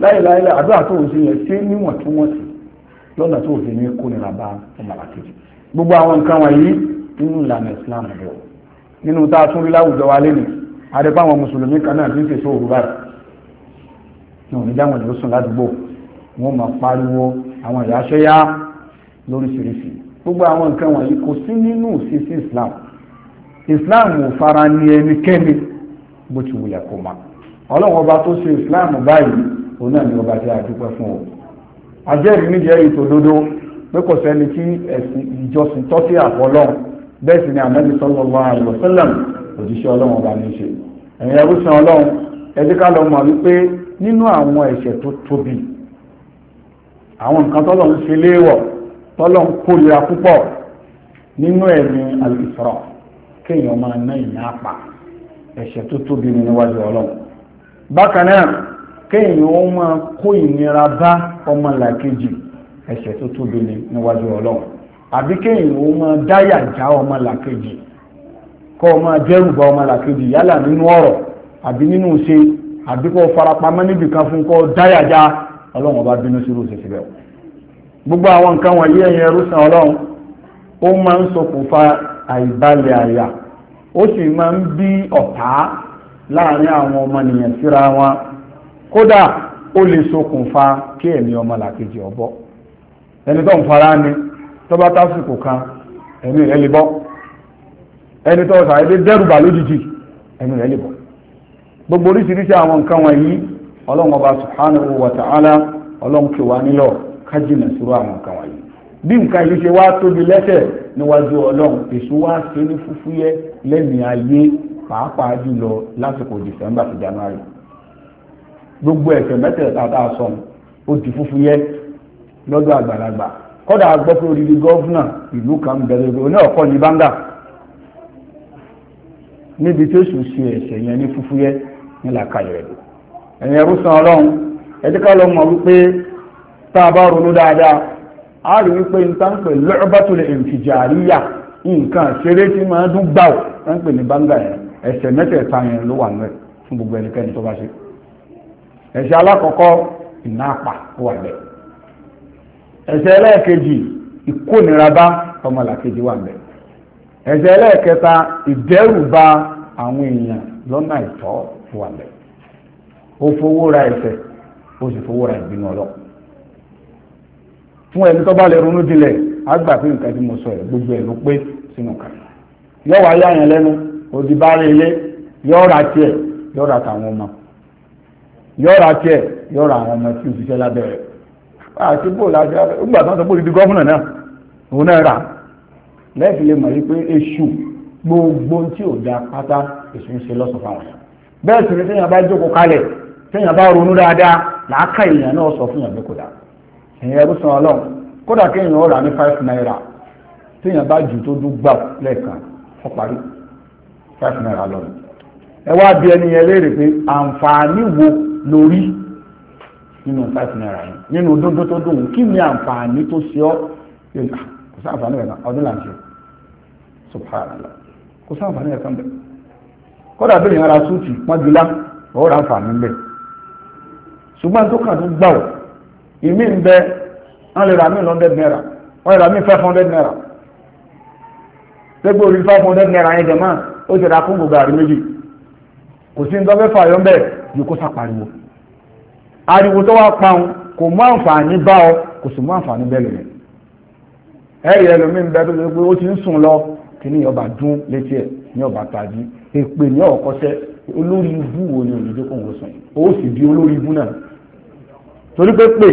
láìláìlá àdúrà tó ń ṣe yẹn ṣé níwọ̀ntúnwọ̀nsì lọ́nà tó fi ní kó nira bá ọmọ àkejì gbogbo àwọn nǹkan wọ̀nyí nínú ìlànà Islam lọ nínú tá a tún rí láwùjọ wa lé ní àdẹ́pá àwọn mùsùlùmí kan náà ti ń fèsò òru báyìí náà nígbà wọn ló sùn ládùúgbò wọn máa pariwo àwọn ìyáṣẹ́yá lóríṣiríṣi gbogbo àwọn nǹkan wọ̀nyí kò sí nínú òṣìṣì Islam Islam ò fara ní ẹnikẹ́ni bó ti wùyà kó ma ọlọ́wọ́ ọba tó ṣe Islam báyìí òun náà ni ọba tí a dúpẹ́ fún o àjẹ́rìí nídìí ẹ̀rí tó dodo pé kò sẹ́ni tí ẹ̀sìn ìjọsìn tọ́sí àfọlọ́n bẹ́ẹ̀ sì ni ànábì sallallahu alaihi wasallam òjíṣẹ́ ọlọ́run ọba ní í ṣe ẹ̀yin ẹrúsìn ọlọ́run ẹ̀díkà lọ mọ̀ wípé nínú àwọn ẹ̀ṣẹ̀ tó tóbi àwọn nǹkan tọ́lọ̀ ń ṣe léèwọ̀ tọ́lọ̀ ń kórira púpọ̀ nínú ẹ̀mí al-isra kéèyàn máa ná ìyá àpà ẹ̀ṣẹ̀ tó tóbi níwájú ọlọ́run bákan náà kéèyàn ó máa kó ìnira bá ọmọ làkejì ẹ̀ṣẹ̀ tó tóbi ni níwájú ọlọ́run àbí kéèyàn ó máa dáyà já ọmọ làkejì kọ́ ọ máa dẹ́rù bá ọmọ làkejì yálà nínú ọ̀rọ̀ àbí nínú ṣe àbí kọ́ farapamọ́ níbi kan fún kọ́ dáyà já ọlọ́run ọba bínú sí rúṣẹ̀ síbẹ̀ gbogbo àwọn nǹkan wọ̀nyí ẹ̀yìn ẹrú san ọlọ́run ó máa ń ṣokùnfà àìbalẹ̀ àyà ó sì máa ń bí ọ̀tá láàrin àwọn ọmọnìyàn síra wọn kódà ó lè ṣokùnfà kí ẹ̀mí ọmọlàkejì ọ̀bọ ẹni tó ń fara ni tó tásìkò kan ẹ̀mí rẹ̀ lè bọ́ ẹni tó ṣàyẹ̀dẹ́ dẹ́rùbà lójijì rẹ̀ lè bọ́ gbogbo oríṣiríṣi àwọn nǹkan wọ̀nyí ọlọ́run ọba subhanahu wa nílọ kájìnà sírò àwọn nǹkan wọ̀nyí bí nǹkan yìí ṣe wá tóbi lẹ́sẹ̀ January gbogbo ẹ̀ṣẹ̀ mẹ́tẹ̀ẹ̀ta tá a sọ ó ti fúnfún yẹ lọ́dọ̀ àgbàlagbà kọ́dà gbọ́ pé odidi gọ́vnà ìlú kan bẹ̀rẹ̀ lọ ní ọ̀kọ́ ní báńgà níbi tí ó sì ṣe ẹ̀ṣẹ̀ yẹn ní fúnfún yẹ ní làkàyè rẹ̀ ẹ̀yìn ẹ̀rú san ọlọ́run ẹ̀jẹ̀ ká lọ mọ̀ wípé tá a bá ronú dáadáa a rí wípé n tá ń pè lọ́ọ́bátulẹ̀ ìfìjàríyà nǹkan ṣeré tí máa dún gbà ó tá ń pè ní báńgà yẹn ẹ̀ṣẹ̀ mẹ́tẹ̀ẹ̀ta yẹn ló wà nù ẹ̀ fún gbogbo ẹnikẹ́ni tó bá ṣe. ẹ̀ṣẹ̀ alákọ̀ọ́kọ́ ìnápa wà bẹ̀ ẹ̀ṣẹ̀ ẹlẹ́ẹ̀kejì ìkóniraba ọmọlàkejì wà bẹ̀ ẹ̀ṣẹ̀ ẹlẹ́ẹ̀kẹta ìdẹ́rùba àwọn èèyàn lọ́nà ìtọ́ wà bẹ̀ ó fowó ra ẹ̀ṣẹ̀ ó sì fowó ra ìbínú ọlọ́ fún ẹni tó bá lè ronú nǹkan tí mo sọ ẹ gbogbo ẹ̀ ló pé sínú kan yọ ilé yọ yọ́ra tiẹ̀ yọ́ra àwọn ọmọ tí òṣìṣẹ́ lábẹ́ rẹ̀ àti bó láti abẹ́ nígbà tó ń sọ pé náà òun náà rà lè mọ̀ gbogbo tí ò da pátá èṣù ń ṣe bẹ́ẹ̀ sì ni bá jókòó kalẹ̀ bá ronú dáadáa làákà èèyàn náà sọ fún naira bá jù tó dún gbà lẹ́ẹ̀kan naira lọ́rùn ẹ wá bí ẹni yẹn léèrè pé àǹfààní wo lórí nínú five naira yẹn nínú dúndún tó dùn kí ni àǹfààní tó ṣe ọ́ ah, kò sí àǹfààní rẹ̀ kan ọdún là ń ṣe subhanallah kò sí àǹfààní rẹ̀ kan bẹ̀ kódà bí ìyára súùtì pọ́njúlá ọ̀rọ̀ ra àǹfààní ń bẹ̀ ṣùgbọ́n tó kàn tó gbà ọ́ ìmí ń bẹ wọ́n lè ra mí lọ́ndẹ̀ náírà wọ́n lè ra mí five hundred naira gbogbo orí five hundred naira yẹn jẹ̀ máa ó ti ra kóńgò gàrí méjì kò sí nǹkan fẹ́ fààyàn bẹ́ẹ̀ ju kó sá pariwo ariwo tó wá pa òun kò mú àǹfààní bá ọ kò sì mú àǹfààní bẹ́ẹ̀ lẹ́yìn ẹ̀rí ẹlòmíín bẹ́ẹ̀ tó ṣe pé ó ti ń sùn lọ kí ni ọba dún létí ẹ̀ ní ọba tají èpè ní ọ̀kọ́sẹ́ olórí ibú wo ni òyìnbó kò ń sùn ó sì di olórí ibú náà torí pé pè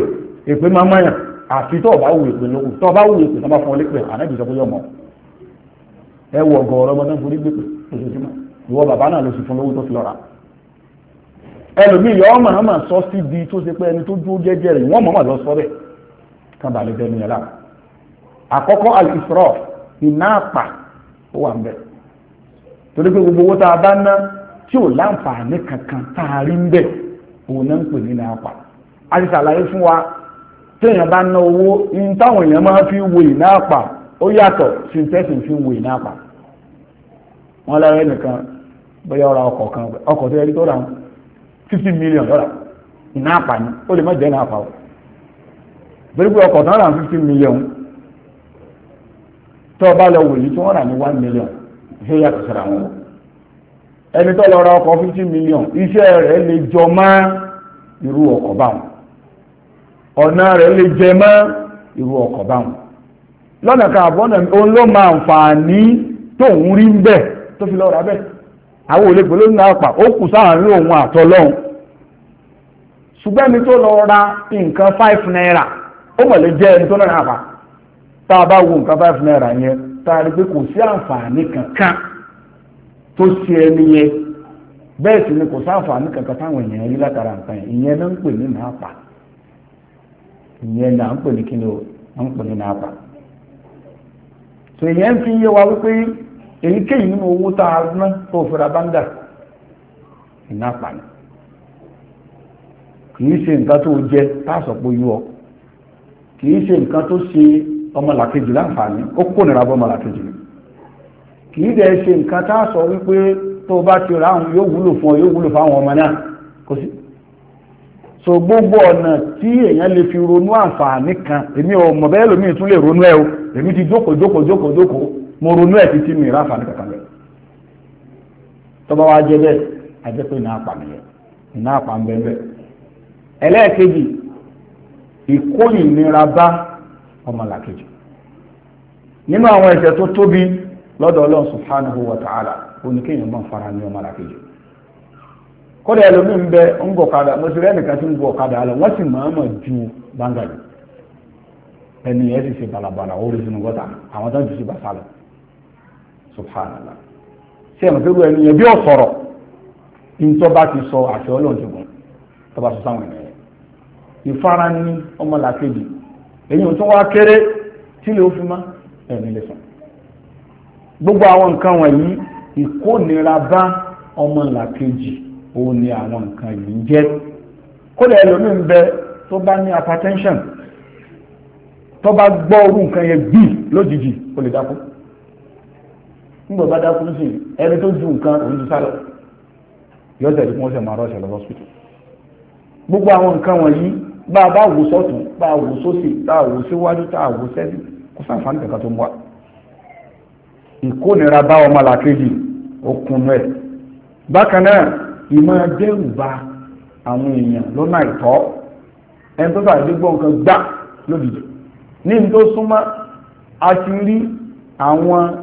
èpè máa mọ̀yàn àfi tó ọba wù èpè lókù tó ọba wù èpè tó bá fún ọ lépè ànábì sọ pé yọmọ ẹ wọ ọgọ ọ̀rọ̀ ọmọdé nítorí gbèpè ojoojúmọ́ ìwọ bàbá náà ló sì fún lówó tó fi lọ́ra ẹlòmíì yọ ọmọ ma sọ sí di tó ṣe pé ẹni tó dúró jẹ́jẹ́ rẹ̀ wọ́n mọ̀mọ́ lọ sọ bẹ́ẹ̀ kan bá lè nìyẹn lára iná àpà ó wà ń gbogbo owó bá ná tí ò láǹfààní kankan tá a rí ń òun ní náà àpà a ti ṣàlàyé wa téèyàn bá ná owó ní fi wo iná àpà ó yàtọ̀ fi wo iná bóyá ọ̀rọ̀ ọkọ̀ kan ọkọ̀ tó yẹ kí tó ra fifty million dọ́là iná ni ó lè má jẹ́ iná àpà o torí pé ọkọ̀ tó ra fifty million tó o lọ wòye tí wọ́n rà ní one million ṣé yàtọ̀ wọn ẹni tó lọ ra ọkọ̀ million iṣẹ́ rẹ̀ lè jọ irú ọkọ̀ báwọn ọ̀nà rẹ̀ lè jẹ irú ọkọ̀ báwọn lọ́nà kan àbọ̀nà òun ló máa ń àwọn ole ló náà pà ó kù sáàárín òun àtọlọ́hun ṣùgbọ́n mi tó lọ ra nǹkan five naira ó mọ̀ jẹ́ ẹni tó náà àpà tá wo nǹkan five naira yẹn tá a rí pé kò sí àǹfààní kankan tó ṣe ẹni yẹn ni kò sí àǹfààní kankan táwọn èèyàn rí látara nǹkan yẹn ìyẹn náà ń pè ní náà ìyẹn náà ń pè so fi wa wípé èyíkéyìí nínú owó tá a ná tó fẹ́ra báńdà iná pàní kìí ṣe nǹkan tó jẹ táàsọ̀ pé yú ọ kìí ṣe nǹkan tó ṣe ọmọlàkejì láǹfààní ó kó nira bọ́ ọmọlàkejì kìí dẹ̀ ṣe nǹkan táàsọ̀ wípé tó bá ti ra àwọn yóò wúlò fún ọ yóò wúlò fáwọn ọmọ náà kò sí so gbogbo ọ̀nà tí èèyàn lè fi ronú àǹfààní kan èmi ò mọ̀ bẹ́ẹ̀ lómi ìtún lè ronú ẹ o èmi ti jókòó jókòó jókòó jókòó mo ronú ẹ̀ títí mi ráfà ní kankan lẹ̀ tọ́ba wa jẹ́ bẹ́ẹ̀ ajẹ́ pé náà pàmì yẹn ẹlẹ́ẹ̀kejì ìkóyìnira bá ọmọlàkejì nínú àwọn ẹ̀ṣẹ̀ tó tóbi lọ́dọ̀ ọlọ́run subhanahu fara ní ọmọlàkejì kódà ẹlòmíì ń bẹ ń bọ̀ kadà mo ti rẹ́ nìkan tí ń kadà lọ wọ́n sì ju ẹni sì ṣe balabala ó rí sínú gọ́tà àwọn tó ń ju subhanallah ṣé ẹ̀mọ̀ pẹ̀lú ẹni yẹn bí ó sọ̀rọ̀ ntọ́ bá ti sọ àṣẹ ọlọ́run ti gùn tó bá sọ sáwọn ẹ̀mọ̀ yẹn ìfara ní ọmọ làkejì èyí tó wá kéré tí lè ó fi má ẹ̀mí lè sàn gbogbo àwọn nǹkan wọ̀nyí ìkónira bá ọmọ làkejì òun ni àwọn nǹkan yìí ń jẹ́ kódà ẹlòmíín bẹ tó bá ní hypertension tó bá gbọ́ orú nǹkan yẹn gbì lójijì ó lè dákú nígbà bá dákú sí ẹni tó ju nǹkan òun ti sálọ yóò tẹ̀lé kí wọ́n sẹ̀ máa rọ̀ṣẹ̀ lọ hospital gbogbo àwọn nǹkan wọ̀nyí bá a bá wò sọ́tún bá a wò sósì tá a wò síwájú tá a wò sẹ́yìn kó sàǹfààní kankan tó ń wá ìkónira bá ọmọ làkejì okùn rẹ̀ bákan náà ìmọ̀ dẹ́rù ba àwọn èèyàn lọ́nà ìtọ́ ẹni tó bá dégbò nǹkan gbá lójijì ní ní tó súnmọ́ a ti rí àwọn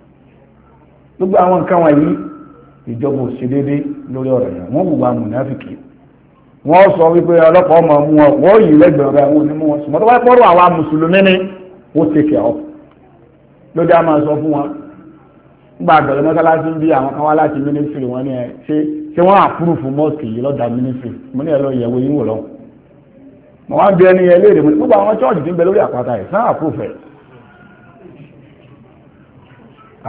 gbogbo àwọn nǹkan wọ̀nyí ìjọba òṣèlédé lórí ọ̀rọ̀ yẹn wọ́n wùwà mùnáfìkì wọ́n sọ wípé ọlọ́pàá ọmọ mú wọn wọ́n yìí lẹ́gbẹ̀ẹ́ rẹ̀ àwọn onímọ̀ wọn sùn mọ́tò wáyé pọ́rọ̀ àwa mùsùlùmí ni ó tèkè ọ́ lóde a máa sọ fún wọn nígbà àgbẹ̀rẹ̀ mọ́sálásí ń bí àwọn kan wá láti mínísírì wọn ni ẹ ṣé ṣé wọ́n àpúrùfù mọ́ọ̀sì yìí lọ́dà mínísírì mo ní ẹ lọ yẹ̀wò yín wò lọ mo wá ń bí ẹni yẹn mo ní gbogbo àwọn chọ́ọ̀jì tí ń bẹ lórí àpáta yìí sáà àpúrùfù ẹ̀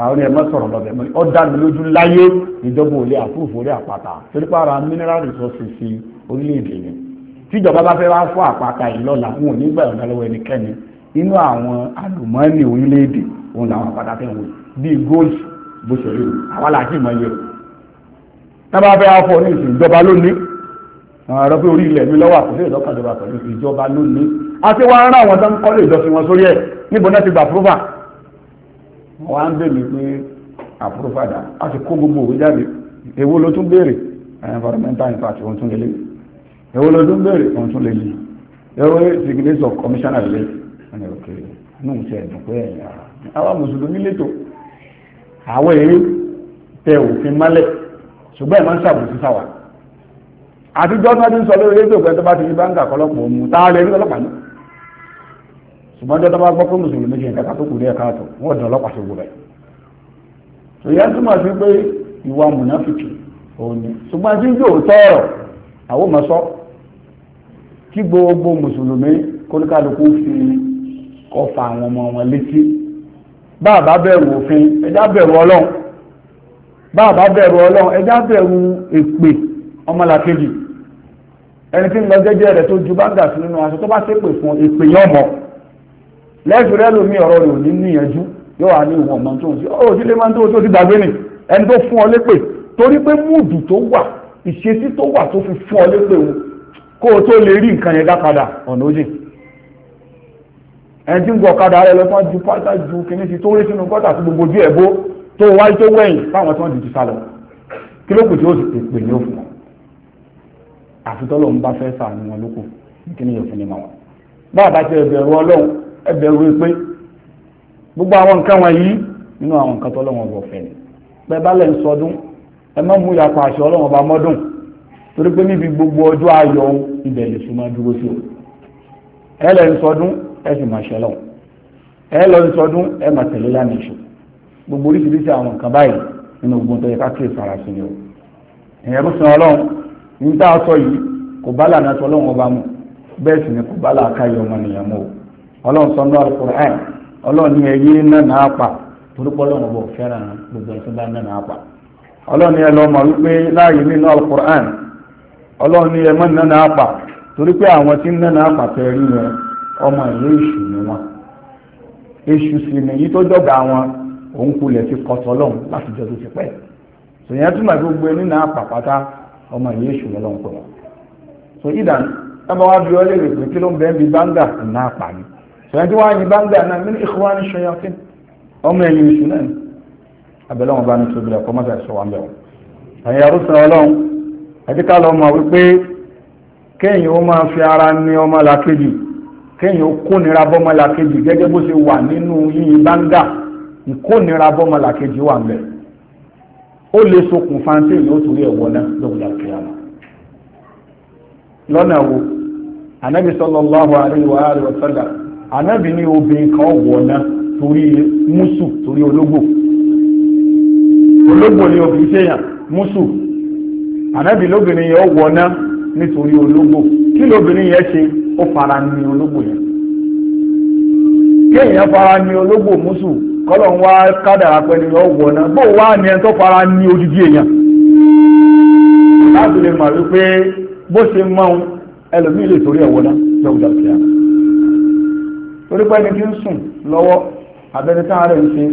àwọn ẹ̀ mọ́sọ̀rọ̀ lọ́bẹ̀ mọ́ ọ dá mi lójú láyé ìjọba ò lè àpúròfò orí àpáta torí pé ara mineral resources fi orílẹ̀-èdè yẹn tíjọba bá fẹ́ wá fún àpáta yìí lọ́la wọn ò ní gbà ọ̀dà lọ́wọ́ ẹnikẹ́ni inú àwọn àlùmọ́ọ́nì orílẹ̀-èdè òun làwọn àpáta tẹ̀ wọ̀ bíi gold bó ṣe rí àwa là kí ìmọ̀ yẹ o tábà fẹ́ wá fọ ní ìsìn ìjọba lónìí àwọn ọ̀rọ̀ pé orí ilẹ̀ mi lọ́wọ́ àkọsílẹ̀ ìjọba pẹ̀lú ìjọba lónìí àti wọn rán àwọn tó ń kọ́lé ìjọsìn wọn sórí ẹ̀ níbo náà ti gbà púrúfà wọ́n á ń bèèrè pé àpúrúfàdà a ti kó gbogbo òwe jáde èwo ló tún béèrè environmental impact ohun tún lélẹ̀ èwo ló tún béèrè ohun tún lélẹ̀ èwo signature of commissioner lélẹ̀ wọ́n ní òkè inú ti ẹ̀dùn pé ẹ̀yà àwa mùsùlùmí létò àwọn èyí tẹ òfin mọ́lẹ̀ ṣùgbọ́n ẹ̀ máa ń ṣàbùsí sáwà àtijọ́ tó ti ń sọ lórí rédíò pé tó bá ti di báńkà kọlọ́pọ̀ òun tá a lè náà ṣùgbọ́n dọ́dọ́ bá gbọ́ pé mùsùlùmí ṣe nǹkan tó kù ní ẹ̀ka àtọ̀ wọ́n dán ọlọ́pàá ṣòwò rẹ̀ tó yẹ túmọ̀ sí pé ìwà mùnáfìkì òun ni ṣùgbọ́n tí yóò tọ̀rọ̀ àwọn ọmọ sọ kí gbogbo mùsùlùmí kóníkàlùkù fi ọfà àwọn ọmọ wọn létí bá a bá bẹ̀rù òfin ẹjá bẹ̀rù ọlọ́run bá a bá bẹ̀rù ọlọ́run ẹjá bẹ̀rù èpè ọmọlàkejì ẹni tí ń lọ jẹ́jẹ́ rẹ̀ tó ju báńgà sí nínú aṣọ tó bá ṣépè fún èpè yọ̀mọ̀ lẹ́fì rẹ lómi ọ̀rọ̀ rẹ̀ ò ní níyànjú yóò wà ní ìwọ̀n mọ́ tó ń sí ọ̀rọ̀ òsì lè máa ń tó ti dàgbé ni ẹni tó fún ọ lépè torí pé múùdù tó wà ìṣesí tó wà tó fi fún ọ lépè o kó o tó lè rí nǹkan yẹn dá padà ọ̀nà òjì ẹni tí ń gbọ́ ọ̀kadà rẹ lọ́pọ̀ ju pátá ju kìíní ti tó rí sínú gọ́tà sí gbogbo ojú ẹ̀bó tó wáyé tó wẹ̀yìn fáwọn tí wọ́n dìtú sálọ kí ló kù tí ó sì pè ní òfin àfitọ́lọ́ ń bá fẹ́ sàánú wọn lóko kí ni òfin ni màwọn bá àbá ti ẹ̀bẹ̀rù ọlọ́run ẹbẹ̀rù pé gbogbo àwọn nǹkan wọn yìí nínú àwọn nǹkan tọ́lọ́wọ́n bọ̀ fẹ́ ni pẹ́ bá lẹ̀ ń sọdún ẹ má mú ìyapa àṣẹ ọlọ́wọ́n bá mọ́dún torí pé níbi gbogbo ọjọ́ ayọ̀ ibẹ̀ lè súnmọ́ dúró sí o ẹ lẹ̀ ń sọdún ẹ sì máa ṣẹlọ̀ ẹ lọ ń sọdún ẹ máa tẹ̀lé lánàá ìṣù gbogbo oríṣiríṣi àwọn nǹkan báyìí nínú ogun tó yẹ ká kí ìfara ni o ẹ̀yẹ́ rúṣin ọlọ́run ní tá a sọ yìí kò bá lànà tọ́lọ́wọ́n bá mú bẹ́ẹ̀ sì ni kò bá làákàyè ọmọnìyàn mú o ọlọ́run nọ ní alukur'an ọlọ́run ní ẹyẹ nánà apà torúkọ ọlọ́run bọ̀ fẹ́ràn gbogbo ẹ̀sìn bá nánà apà ọlọ́run ní lọ́ọ́ wípé láàyè nínú alukur'an ọlọ́run mọ́ àwọn tí yẹn ọmọ ìlú èṣù ni wọn èṣù sì tó wọn òun kulẹ̀ ti kọ́tọ̀ ọlọ́run láti jọ tó ti pẹ́ sòyìn so ìrántí wá ní báńgbà náà mí ní ìkúwá ní ṣọyọkí ọmọ ẹ̀yìn oṣù náà abẹ́lẹ́ wọn bá ní tóbi lẹ́kọ́ mọ́sá ìṣọ́ wa ń bẹ̀ wọn. ẹ̀yin arúsọ ọlọ́run ẹ̀dí ká lọ mọ̀ wípé kéèyàn ó máa fi ara ní ọmọ làkejì kéèyàn ó kónira bọ́mọ làkejì gẹ́gẹ́ bó ṣe wà nínú yíyin báńgà ìkónira bọ́mọ làkejì wà ń bẹ̀. ó lè ṣokùnfà tí ànábì sallallahu alaihi wa alihi wa anabi ni obìnrin kan wọ̀ náà torí mùsù torí ológbò ológbò ni obìnrin ṣèyàn mùsù ànábì lóbìnrin yẹn ó wọ̀ náà nítorí ológbò kí lóbìnrin yẹn ṣe ó fara ní ológbò yẹn kéèyàn fara ní ológbò musu kọ́lọ̀ ń wá kádàrá pẹ̀lú yẹn wọ̀ náà bó wá ní tó fara ní odidi èèyàn láti lè mọ̀ wípé bó ṣe mọ́ ẹlòmíì lè torí ẹ̀wọ̀ náà torí pé ẹni tí ń sùn lọ́wọ́ abẹ́rẹ́ táwọn rẹ̀ ń ṣe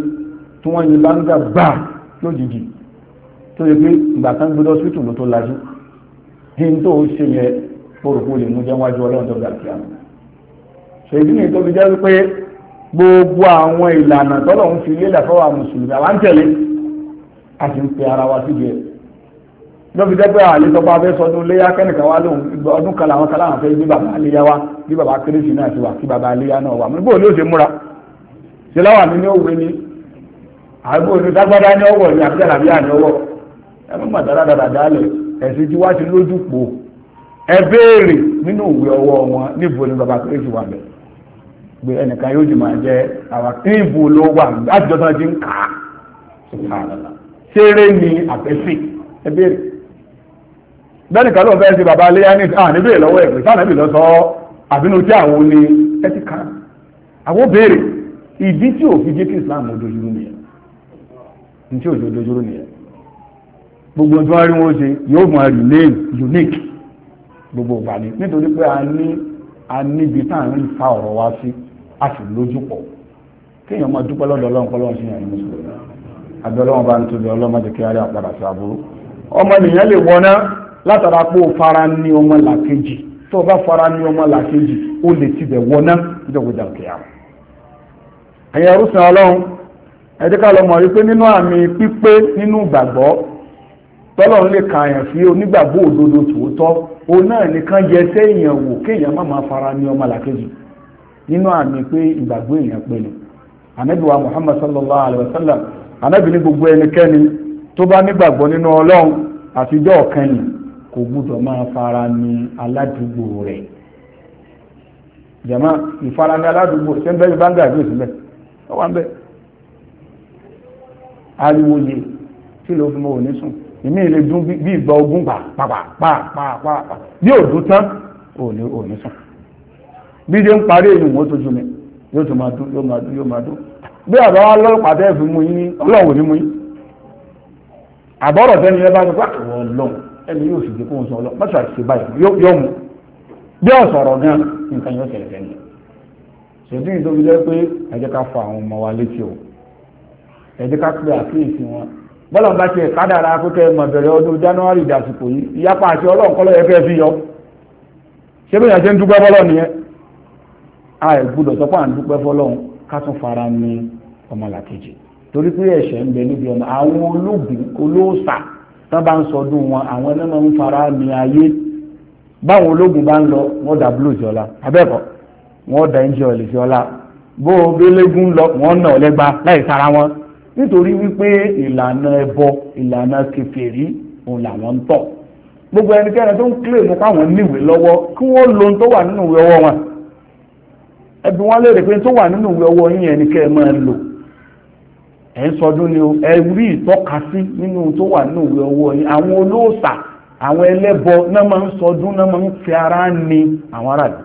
tí wọ́n yin báńgà gbà lójijì tó yẹ pé ìgbà kan gbọdọ̀ síìtù ló tó lajú kí n tó ṣe yẹ kórópó lè mú jẹ́wájú ọlọ́run tó gbà kíá ṣèdí ni tó fi jẹ́ pé gbogbo àwọn ìlànà tọ́lọ̀ ń fi lélẹ̀ fọwọ́ mùsùlùmí àwọn ń tẹ̀lé ń pe ara wa síbi ẹ̀ lọ́bi dẹ́gbẹ́ àlejọba abẹ́ sọdún léyà kẹ́nìkan wá lóhùn ọdún kan làwọn kan láwọn fẹ́ bí bàbá aléyá wá bí bàbá kérésì náà ti wà kí bàbá aléyá náà wà bó ṣe múra ṣe láwà ní ni ní ọwọ́ ni àbíjà làbíyà ní ọwọ́ dálẹ̀ ẹ̀sìn tí wá ti lójú pò ẹ béèrè nínú òwe ọwọ́ wọn níbo ni bàbá kérésì wà ẹnìkan yóò jẹ ló wà láti ti ni àfẹ́sìn ẹ bẹ́ẹ̀ni kan ló fẹ́ ṣe bàbá aléyá ní lọ́wọ́ ẹ̀pẹ̀ sánàbì lọ sọ àbínú tí àwọn ní ẹtì àwọn béèrè ìdí tí ò fi jẹ́ Islam dojúrú nìyẹn tí nìyẹn gbogbo tí rí ṣe yóò gbogbo ni nítorí pé a ní a níbi tá à ń fa ọ̀rọ̀ sí a sì lójú pọ̀ kéèyàn máa dúpẹ́ lọ́dọ̀ ọlọ́run kọ́lọ́run sí mùsùlùmí ọlọ́run bá ń tóbi ọlọ́run má jẹ́ látara pé o fara ní ọmọ làkejì tó o bá fara ní ọmọ làkejì o lè tibẹ̀ wọná ìjọba kìyàmù. ẹ̀yẹ rúṣin ọlọ́run ẹ ká lọ mọ̀ wípé nínú àmì pípé nínú ìgbàgbọ́ tọ́lọ́run lè kà yàn onigbagbo onígbàgbọ́ òdodo tòótọ́ òun náà nìkan yẹ sẹ́yìn wò kéèyàn má fara ní ọmọ làkejì nínú àmì pé ìgbàgbọ́ èèyàn pé ni anabiwa muhammad sallallahu wa sallam anabi gbogbo ẹnikẹ́ni tó bá nígbàgbọ́ nínú ọlọ́run kò gbúdọ̀ máa fara ní aládùúgbò rẹ̀ jama ìfarani aládùúgbò rẹ̀ sẹ́ńbẹ́ bá ń gbà bí òsínbẹ́ ọ wá ń bẹ́ ariwo yẹ kí ló fi mọ òní sùn ìmí ìlẹ̀ dún bí ìgbà ogún pa pàpàpàpà bí òdún tán òní òní sùn bí ṣe ń parí èyí wọn tó ju mi yóò tó máa dún yóò máa dún yóò máa dún bí àbá wa lọ́pàá tẹ́ fi mú yín ọlọ́run ní mú yín àbọ̀rọ̀ tẹ́ni ẹ bá ń pa àwọn ẹni yóò sì dìkún sọ lọ mọ́ṣà sí báyìí yóò mú bí ó sọ̀rọ̀ gan nǹkan yóò tẹ̀lé tẹ̀lé ṣèdí ìdó fi jẹ́ pé ẹ jẹ́ ká fa àwọn ọmọ wa létí o ẹ jẹ́ ká pe àkíyèsí wọn bọ́lá bá tiẹ̀ kádàrá akókẹ́ mọ̀ bẹ̀rẹ̀ ọdún january dàsìkò yìí ìyapa àti ọlọ́run kọ́lọ́ yẹ fẹ́ fi yọ ṣé bí yẹn ṣe ń dúpẹ́ fọlọ́ nìyẹn à tán bá ń sọdún wọn àwọn ẹni máa ń fara mi ayé báwọn ológun bá ń lọ wọ́n dà blu jọla abẹ́kọ̀ wọ́n dà ẹnjẹ́ ọ̀lẹ̀ jọla bó o bélégún lọ wọ́n nà ọ̀lẹ́gba láì sára wọn nítorí wípé ìlànà ẹbọ ìlànà kèfèrí òun làwọn ń tọ̀ gbogbo ẹnikẹ́ni tó ń kílè mú káwọn níwèé lọ́wọ́ kí wọ́n lo ohun tó wà nínú ìwé ọwọ́ wọn ẹbí wọn léèrè pé tó wà nínú ìwé ọwọ́ yín ẹnikẹ́ máa lò ẹ̀ ń sọdún ni o ẹ rí ìtọ́ka sí nínú tó wà ní òwe ọwọ́ yìí àwọn olóòṣà àwọn ẹlẹ́bọ náà máa ń sọdún náà máa ń fi ara ni àwọn aráàlú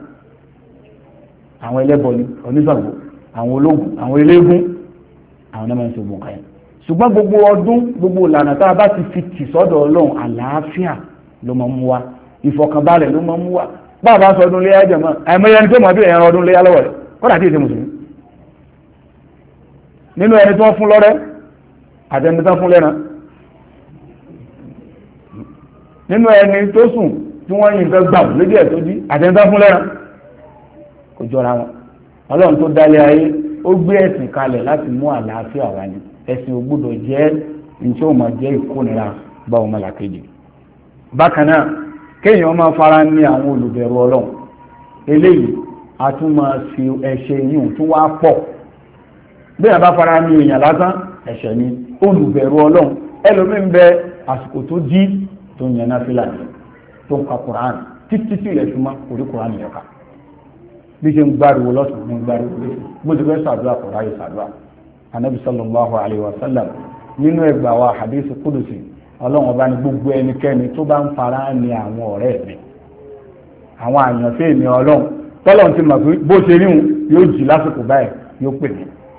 àwọn ẹlẹ́bọ ni oníṣàgbò àwọn ológun àwọn eléégún àwọn náà máa ń ṣe ògùn káyà ṣùgbọ́n gbogbo ọdún gbogbo ìlànà tá a bá ti fi tì sọ́dọ̀ ọlọ́run àlàáfíà ló máa ń mú wa ìfọ̀kànbalẹ̀ ló máa ń mú wa bá a bá sọdún léyà jẹ̀mọ́ nínú ẹni tó fún lọ́rẹ́ àtẹni tó fún lẹ́ran nínú ẹni tó sùn tí wọ́n yìnbọn gbà lójú ẹ̀ tó jí àtẹni tó fún lẹ́ran kò jọra wọn ọlọ́run tó dálé ayé ó gbé ẹ̀sìn kalẹ̀ láti mú àlàáfíà wá ní ẹ̀sìn ò gbọ́dọ̀ jẹ́ nṣẹ́ ò máa jẹ́ ìkónira bá ọmọ làkejì bákan náà kéèyàn máa fara ní àwọn olùbẹ̀rù ọlọ́run eléyìí a tún máa fi ẹ̀ṣẹ̀ yìí tún wá pọ̀ bí a bá fara ní èèyàn lásán ẹ̀ṣẹ̀ ni olùbẹ̀rù ọlọ́run ẹlòmí ń bẹ àsìkò tó dí tó ka quran títí tí ilẹ̀ súnmọ́ orí quran yẹn bí ṣe ń lọ́sùn ní bó ti anabi sallam nínú ẹgbà wa kudusi ọlọ́run ọba gbogbo ẹnikẹ́ni tó bá ń fara ní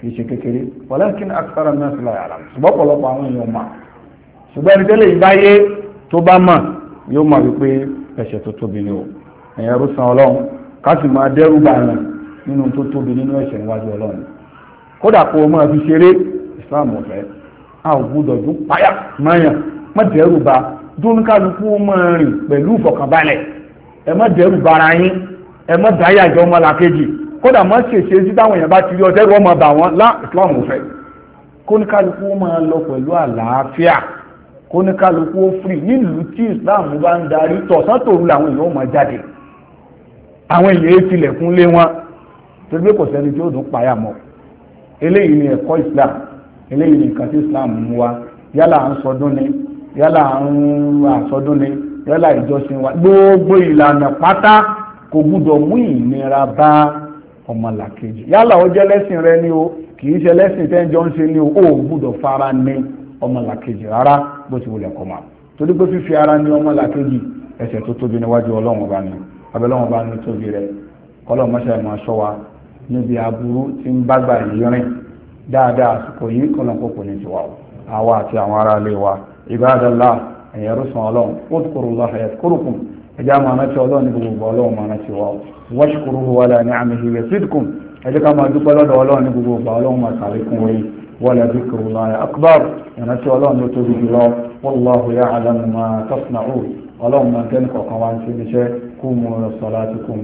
kìí ṣe kékeré walakin akthara an-nas la ya'lam ṣùgbọ́n ọ̀pọ̀lọpọ̀ àwọn èèyàn mà ṣùgbọ́n ẹni tẹ́lẹ̀ ìbáyé tó bá mà yóò mọ̀ wípé ẹ̀ṣẹ̀ tó tóbi ni o ẹ̀yìn ẹrú san ọlọ́run ká sì máa dẹ́rù bá yàn nínú tó tóbi nínú ẹ̀ṣẹ̀ níwájú ọlọ́run kódà kó o máa fi ṣeré ìsìláàmù ọ̀fẹ́ a ò gbúdọ̀ dún páyà mọ́yàn má dẹ́rù bá dúnkálukú máa rìn pẹ̀lú ìfọ̀kànbalẹ̀ ẹ má dẹ́rù bára yín ẹ má dáyàjọ́ ọmọlàkejì kódà má ṣèṣe sí táwọn èèyàn bá ti rí ọtẹ́rù ọmọ bà wọ́n lá islam fẹ́ kóníkálukú máa lọ pẹ̀lú àlàáfíà kóníkálukú ó fìrì nílùú tí islam bá ń darí tọ̀sán tòru làwọn èèyàn ó máa jáde àwọn èèyàn é tilẹ̀kùn lé wọn torí pé kò sẹ́ni tí ó dùn páyà mọ́ eléyìí ni ẹ̀kọ́ islam eléyìí ni nǹkan tí islam mú wa yálà à ń sọdún ni yálà à ń àsọdún ni yálà ìjọsìn wa gbogbo ìlànà pátá kò gbúdọ̀ mú ìnira bá ọmọlàkejì yálà ó jẹ́ lẹ́sìn rẹ ni o kì í ṣe lẹ́sìn tẹ́jọ́ ń ṣe ni o ò gbúdọ̀ fara ní ọmọlàkejì rárá bó ti wulẹ̀ kọ́ máa torí pé fífi ara ní ọmọlàkejì ẹ̀ṣẹ̀ tó tóbi níwájú ọlọ́run ọba ni abẹ́lọ́run ọba ni tóbi rẹ kọ́lọ́ mọ́ṣáì máa ṣọ́ wa níbi aburú tí ń bágbà yìí rìn dáadáa àsìkò yìí kọ́lọ́ kó ní ti o àwa àti àwọn ará ilé wa ibadallah ẹ̀yẹ́rú sàn ọlọ́run ó ẹjá máa rántí ọlọ́run ní gbogbo ọlọ́run máa rántí wa washkuruhu wala ni'amihi yazidkum ẹjẹ́ ká máa dúpẹ́ lọ́dọ̀ ọlọ́run ní gbogbo ọlọ́run máa sàlékún wọ̀nyí wala dhikrullahi akbar ìrántí ọlọ́run ló tóbi jùlọ wallahu ya'lamu ma tasna'un ọlọ́run máa ń tẹ́nu kọ̀ọ̀kan wá ń ṣe níṣẹ́ kú mu salatukum